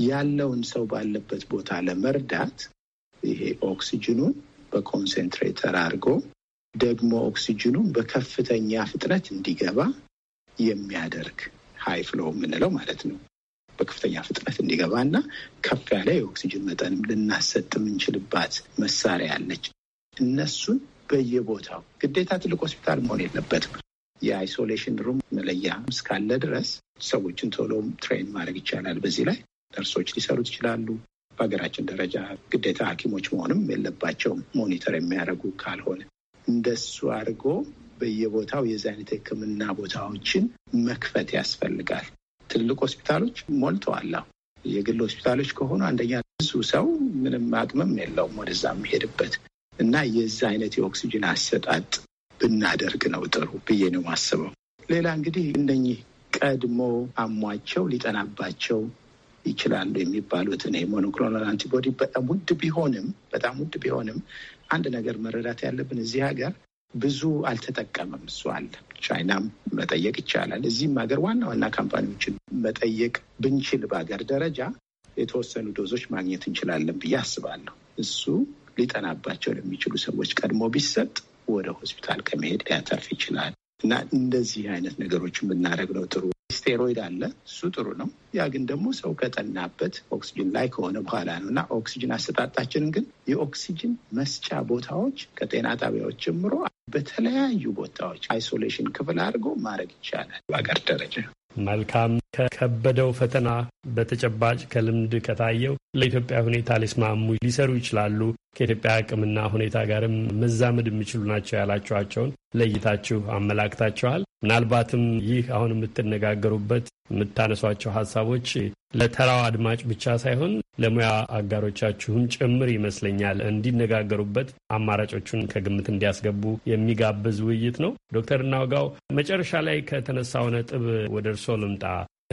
ያለውን ሰው ባለበት ቦታ ለመርዳት ይሄ ኦክሲጅኑን በኮንሴንትሬተር አድርጎ ደግሞ ኦክሲጅኑን በከፍተኛ ፍጥነት እንዲገባ የሚያደርግ ሀይ ፍሎ የምንለው ማለት ነው። በከፍተኛ ፍጥነት እንዲገባ እና ከፍ ያለ የኦክሲጅን መጠንም ልናሰጥ የምንችልባት መሳሪያ አለች። እነሱን በየቦታው ግዴታ ትልቅ ሆስፒታል መሆን የለበትም። የአይሶሌሽን ሩም መለያ እስካለ ድረስ ሰዎችን ቶሎ ትሬን ማድረግ ይቻላል። በዚህ ላይ ነርሶች ሊሰሩት ይችላሉ። በሀገራችን ደረጃ ግዴታ ሐኪሞች መሆንም የለባቸውም ሞኒተር የሚያደርጉ ካልሆነ እንደሱ አድርጎ በየቦታው የዚ አይነት የሕክምና ቦታዎችን መክፈት ያስፈልጋል። ትልልቅ ሆስፒታሎች ሞልተዋል። የግል ሆስፒታሎች ከሆኑ አንደኛ ብዙ ሰው ምንም አቅምም የለውም ወደዛ የሚሄድበት እና የዚ አይነት የኦክሲጅን አሰጣጥ ብናደርግ ነው ጥሩ ብዬ ነው ማስበው። ሌላ እንግዲህ እነኚህ ቀድሞ አሟቸው ሊጠናባቸው ይችላሉ የሚባሉትን ሞኖክሎናል አንቲቦዲ በጣም ውድ ቢሆንም በጣም ውድ ቢሆንም አንድ ነገር መረዳት ያለብን እዚህ ሀገር ብዙ አልተጠቀምም እሱ አለ። ቻይናም መጠየቅ ይቻላል። እዚህም ሀገር ዋና ዋና ካምፓኒዎችን መጠየቅ ብንችል በሀገር ደረጃ የተወሰኑ ዶዞች ማግኘት እንችላለን ብዬ አስባለሁ። እሱ ሊጠናባቸው ለሚችሉ ሰዎች ቀድሞ ቢሰጥ ወደ ሆስፒታል ከመሄድ ሊያተርፍ ይችላል እና እንደዚህ አይነት ነገሮችን ብናደርግ ነው ጥሩ። ስቴሮይድ አለ። እሱ ጥሩ ነው። ያ ግን ደግሞ ሰው ከጠናበት ኦክሲጅን ላይ ከሆነ በኋላ ነው እና ኦክሲጅን አሰጣጣችንን ግን የኦክሲጅን መስጫ ቦታዎች ከጤና ጣቢያዎች ጀምሮ በተለያዩ ቦታዎች አይሶሌሽን ክፍል አድርጎ ማድረግ ይቻላል በአገር ደረጃ። መልካም። ከከበደው ፈተና በተጨባጭ ከልምድ ከታየው ለኢትዮጵያ ሁኔታ ሊስማሙ ሊሰሩ ይችላሉ፣ ከኢትዮጵያ አቅምና ሁኔታ ጋርም መዛመድ የሚችሉ ናቸው ያላችኋቸውን ለይታችሁ አመላክታችኋል። ምናልባትም ይህ አሁን የምትነጋገሩበት የምታነሷቸው ሀሳቦች ለተራው አድማጭ ብቻ ሳይሆን ለሙያ አጋሮቻችሁም ጭምር ይመስለኛል እንዲነጋገሩበት አማራጮቹን ከግምት እንዲያስገቡ የሚጋብዝ ውይይት ነው። ዶክተር እናውጋው መጨረሻ ላይ ከተነሳው ነጥብ ወደ እርሶ ልምጣ።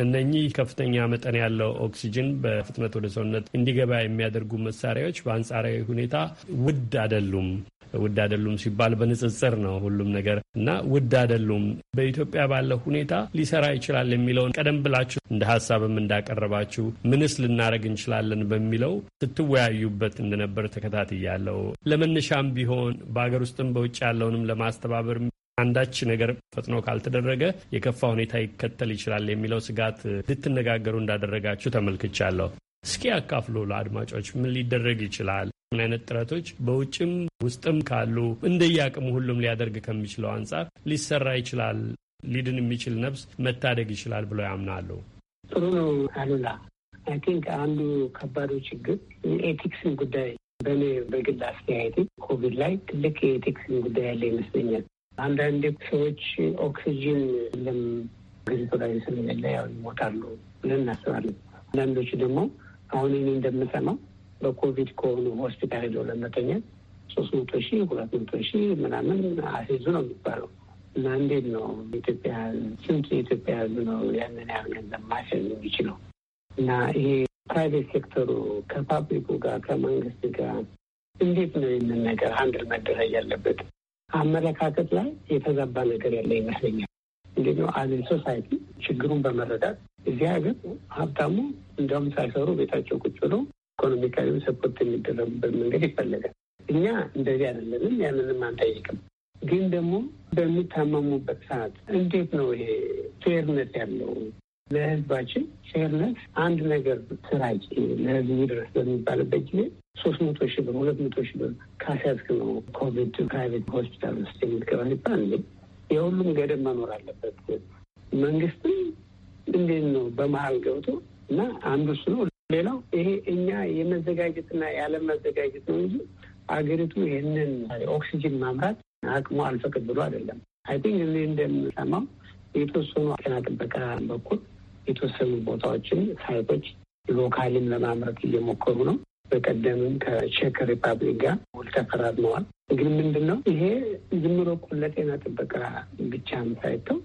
እነኚህ ከፍተኛ መጠን ያለው ኦክሲጅን በፍጥነት ወደ ሰውነት እንዲገባ የሚያደርጉ መሳሪያዎች በአንጻራዊ ሁኔታ ውድ አይደሉም። ውድ አይደሉም ሲባል በንጽጽር ነው ሁሉም ነገር እና ውድ አይደሉም በኢትዮጵያ ባለው ሁኔታ ሊሰራ ይችላል የሚለውን ቀደም ብላችሁ እንደ ሀሳብም እንዳቀረባችሁ ምንስ ልናደረግ እንችላለን በሚለው ስትወያዩበት እንደነበር ተከታትያለሁ። ለመነሻም ቢሆን በሀገር ውስጥም በውጭ ያለውንም ለማስተባበር አንዳች ነገር ፈጥኖ ካልተደረገ የከፋ ሁኔታ ይከተል ይችላል የሚለው ስጋት ልትነጋገሩ እንዳደረጋችሁ ተመልክቻለሁ። እስኪ ያካፍሉ ለአድማጮች ምን ሊደረግ ይችላል? ምን አይነት ጥረቶች በውጭም ውስጥም ካሉ እንደየአቅሙ ሁሉም ሊያደርግ ከሚችለው አንጻር ሊሰራ ይችላል፣ ሊድን የሚችል ነፍስ መታደግ ይችላል ብለው ያምናሉ? ጥሩ ነው አሉላ። አይ ቲንክ አንዱ ከባዱ ችግር የኤቲክስን ጉዳይ በእኔ በግል አስተያየት ኮቪድ ላይ ትልቅ የኤቲክስን ጉዳይ ያለ ይመስለኛል። አንዳንድ ሰዎች ኦክሲጂን ለም ግዝቶ ላይ ስለሌለ ያው ይሞታሉ ብለን እናስባለን። አንዳንዶች ደግሞ አሁን እኔ እንደምሰማው በኮቪድ ከሆኑ ሆስፒታል ሄዶ ለመተኛት ሶስት መቶ ሺህ ሁለት መቶ ሺህ ምናምን አስይዙ ነው የሚባለው እና እንዴት ነው ኢትዮጵያ ስንት የኢትዮጵያ ሕዝብ ነው ያንን ያህል ገንዘብ ማሰብ የሚችለው? እና ይሄ ፕራይቬት ሴክተሩ ከፓብሊኩ ጋር ከመንግስት ጋር እንዴት ነው ይህንን ነገር አንድል መደረግ ያለበት? አመለካከት ላይ የተዛባ ነገር ያለ ይመስለኛል። እንዴት ነው አዘን ሶሳይቲ ችግሩን በመረዳት እዚያ ግን ሀብታሙ እንደውም ሳይሰሩ ቤታቸው ቁጭ ብለው ኢኮኖሚካዊ ሰፖርት የሚደረጉበት መንገድ ይፈለጋል። እኛ እንደዚህ አይደለንም፣ ያንንም አንጠይቅም። ግን ደግሞ በሚታመሙበት ሰዓት እንዴት ነው ይሄ ፌርነት ያለው ለህዝባችን ፌርነት አንድ ነገር ስራጭ ለህዝቡ ድረስ በሚባልበት ጊዜ ሶስት መቶ ሺህ ብር ሁለት መቶ ሺህ ብር ካሲያስክ ነው ኮቪድ ፕራይቬት ሆስፒታል ውስጥ የምትገባ ሲባል የሁሉም ገደብ መኖር አለበት። መንግስትም እንዴት ነው በመሀል ገብቶ እና አንዱ እሱ ነው ሌላው ይሄ እኛ የመዘጋጀትና የአለም መዘጋጀት ነው እንጂ አገሪቱ ይህንን ኦክሲጅን ማምራት አቅሙ አልፈቅድ ብሎ አይደለም። አይ ቲንክ እኔ እንደምሰማው የተወሰኑ ጤና ጥበቃ በኩል የተወሰኑ ቦታዎችን ሳይቶች ሎካልን ለማምረት እየሞከሩ ነው። በቀደምም ከቼክ ሪፐብሊክ ጋር ውል ተፈራርመዋል። ግን ምንድን ነው ይሄ ዝም ብሎ እኮ ለጤና ጥበቃ ብቻም ሳይተው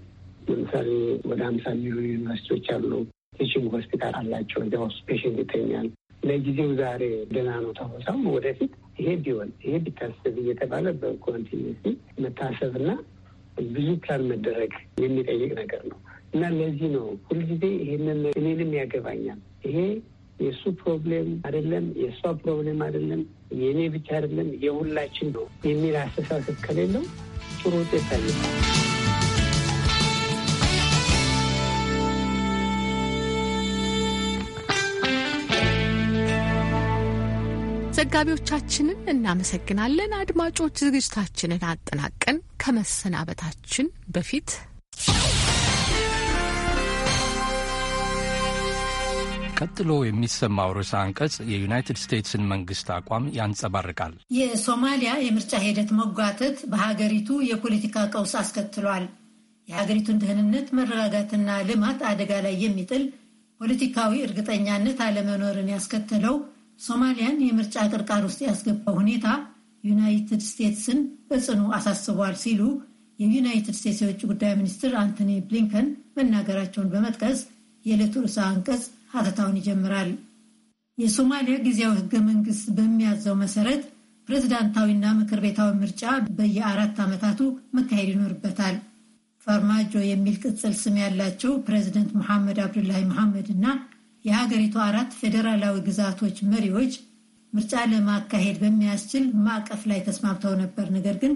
ለምሳሌ ወደ ሀምሳ ሚሊዮን ዩኒቨርሲቲዎች አሉ ቲችንግ ሆስፒታል አላቸው። እዚያ ውስጥ ይተኛል። ለጊዜው ዛሬ ደህና ነው ተወሳም ወደፊት ይሄ ቢሆን ይሄ ቢታሰብ እየተባለ በኮንቲኒቲ መታሰብና ብዙ ፕላን መደረግ የሚጠይቅ ነገር ነው እና ለዚህ ነው ሁልጊዜ ይሄንን እኔንም ያገባኛል ይሄ የእሱ ፕሮብሌም አይደለም፣ የእሷ ፕሮብሌም አይደለም፣ የእኔ ብቻ አይደለም፣ የሁላችን ነው የሚል አስተሳሰብ ከሌለው ጥሩ ውጤት አይመጣም። ዘጋቢዎቻችንን እናመሰግናለን። አድማጮች ዝግጅታችንን አጠናቀን ከመሰናበታችን በፊት ቀጥሎ የሚሰማው ርዕሰ አንቀጽ የዩናይትድ ስቴትስን መንግስት አቋም ያንጸባርቃል። የሶማሊያ የምርጫ ሂደት መጓተት በሀገሪቱ የፖለቲካ ቀውስ አስከትሏል። የሀገሪቱን ደህንነት፣ መረጋጋትና ልማት አደጋ ላይ የሚጥል ፖለቲካዊ እርግጠኛነት አለመኖርን ያስከተለው ሶማሊያን የምርጫ ቅርቃር ውስጥ ያስገባው ሁኔታ ዩናይትድ ስቴትስን በጽኑ አሳስቧል ሲሉ የዩናይትድ ስቴትስ የውጭ ጉዳይ ሚኒስትር አንቶኒ ብሊንከን መናገራቸውን በመጥቀስ የዕለቱ ርዕሰ አንቀጽ ሀተታውን ይጀምራል። የሶማሊያ ጊዜያዊ ህገ መንግስት በሚያዘው መሰረት ፕሬዝዳንታዊና ምክር ቤታዊ ምርጫ በየአራት ዓመታቱ መካሄድ ይኖርበታል። ፋርማጆ የሚል ቅጽል ስም ያላቸው ፕሬዚደንት መሐመድ አብዱላሂ መሐመድ እና የሀገሪቱ አራት ፌዴራላዊ ግዛቶች መሪዎች ምርጫ ለማካሄድ በሚያስችል ማዕቀፍ ላይ ተስማምተው ነበር። ነገር ግን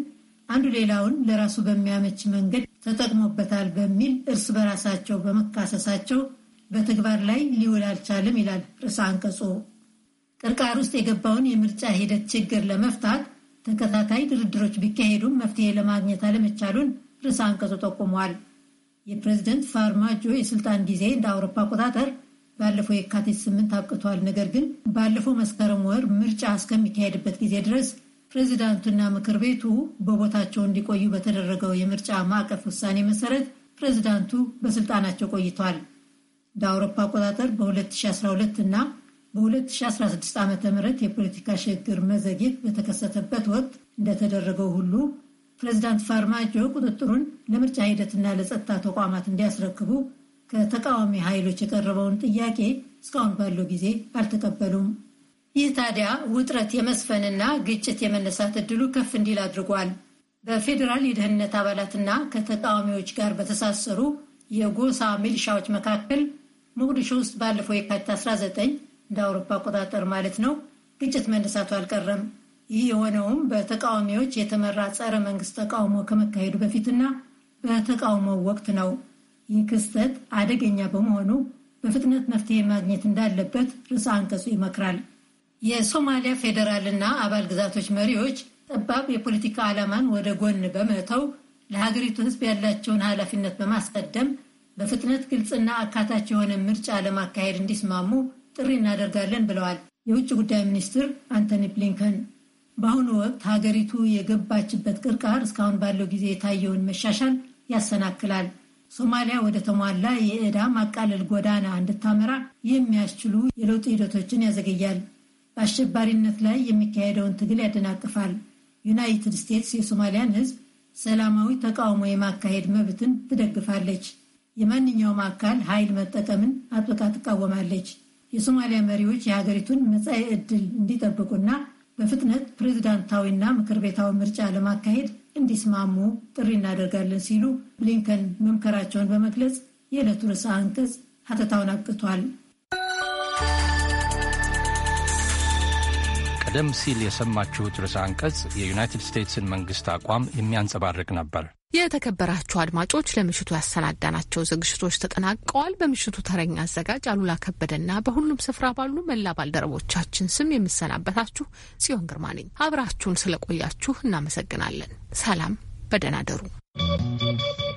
አንዱ ሌላውን ለራሱ በሚያመች መንገድ ተጠቅሞበታል በሚል እርስ በራሳቸው በመካሰሳቸው በተግባር ላይ ሊውል አልቻልም ይላል ርዕሰ አንቀጹ። ቅርቃር ውስጥ የገባውን የምርጫ ሂደት ችግር ለመፍታት ተከታታይ ድርድሮች ቢካሄዱም መፍትሄ ለማግኘት አለመቻሉን ርዕሰ አንቀጹ ጠቁሟል። የፕሬዚደንት ፋርማጆ የስልጣን ጊዜ እንደ አውሮፓ አቆጣጠር ባለፈው የካቲት ስምንት አብቅቷል። ነገር ግን ባለፈው መስከረም ወር ምርጫ እስከሚካሄድበት ጊዜ ድረስ ፕሬዚዳንቱና ምክር ቤቱ በቦታቸው እንዲቆዩ በተደረገው የምርጫ ማዕቀፍ ውሳኔ መሰረት ፕሬዚዳንቱ በስልጣናቸው ቆይቷል። እንደ አውሮፓ አቆጣጠር በ2012 እና በ2016 ዓ ም የፖለቲካ ሽግግር መዘግየት በተከሰተበት ወቅት እንደተደረገው ሁሉ ፕሬዚዳንት ፋርማጆ ቁጥጥሩን ለምርጫ ሂደትና ለጸጥታ ተቋማት እንዲያስረክቡ ከተቃዋሚ ኃይሎች የቀረበውን ጥያቄ እስካሁን ባለው ጊዜ አልተቀበሉም። ይህ ታዲያ ውጥረት የመስፈንና ግጭት የመነሳት እድሉ ከፍ እንዲል አድርጓል። በፌዴራል የደህንነት አባላትና ከተቃዋሚዎች ጋር በተሳሰሩ የጎሳ ሚሊሻዎች መካከል ሞቅዲሾ ውስጥ ባለፈው የካቲት 19 እንደ አውሮፓ አቆጣጠር ማለት ነው ግጭት መነሳቱ አልቀረም። ይህ የሆነውም በተቃዋሚዎች የተመራ ጸረ መንግስት ተቃውሞ ከመካሄዱ በፊትና በተቃውሞው ወቅት ነው። ይህ ክስተት አደገኛ በመሆኑ በፍጥነት መፍትሄ ማግኘት እንዳለበት ርዕሰ አንቀጹ ይመክራል። የሶማሊያ ፌዴራልና አባል ግዛቶች መሪዎች ጠባብ የፖለቲካ ዓላማን ወደ ጎን በመተው ለሀገሪቱ ሕዝብ ያላቸውን ኃላፊነት በማስቀደም በፍጥነት ግልጽና አካታች የሆነ ምርጫ ለማካሄድ እንዲስማሙ ጥሪ እናደርጋለን ብለዋል የውጭ ጉዳይ ሚኒስትር አንቶኒ ብሊንከን። በአሁኑ ወቅት ሀገሪቱ የገባችበት ቅርቃር እስካሁን ባለው ጊዜ የታየውን መሻሻል ያሰናክላል። ሶማሊያ ወደ ተሟላ የዕዳ ማቃለል ጎዳና እንድታመራ የሚያስችሉ የለውጥ ሂደቶችን ያዘገያል፣ በአሸባሪነት ላይ የሚካሄደውን ትግል ያደናቅፋል። ዩናይትድ ስቴትስ የሶማሊያን ሕዝብ ሰላማዊ ተቃውሞ የማካሄድ መብትን ትደግፋለች። የማንኛውም አካል ኃይል መጠቀምን አጥብቃ ትቃወማለች። የሶማሊያ መሪዎች የሀገሪቱን መጻኢ ዕድል እንዲጠብቁና በፍጥነት ፕሬዝዳንታዊና ምክር ቤታዊ ምርጫ ለማካሄድ እንዲስማሙ ጥሪ እናደርጋለን ሲሉ ብሊንከን መምከራቸውን በመግለጽ የዕለቱ ርዕሰ አንቀጽ ሀተታውን አብቅቷል። ቀደም ሲል የሰማችሁት ርዕሰ አንቀጽ የዩናይትድ ስቴትስን መንግስት አቋም የሚያንጸባርቅ ነበር። የተከበራችሁ አድማጮች ለምሽቱ ያሰናዳናቸው ዝግጅቶች ተጠናቀዋል። በምሽቱ ተረኛ አዘጋጅ አሉላ ከበደና በሁሉም ስፍራ ባሉ መላ ባልደረቦቻችን ስም የምሰናበታችሁ ጽዮን ግርማ ነኝ። አብራችሁን ስለቆያችሁ እናመሰግናለን። ሰላም፣ በደህና you.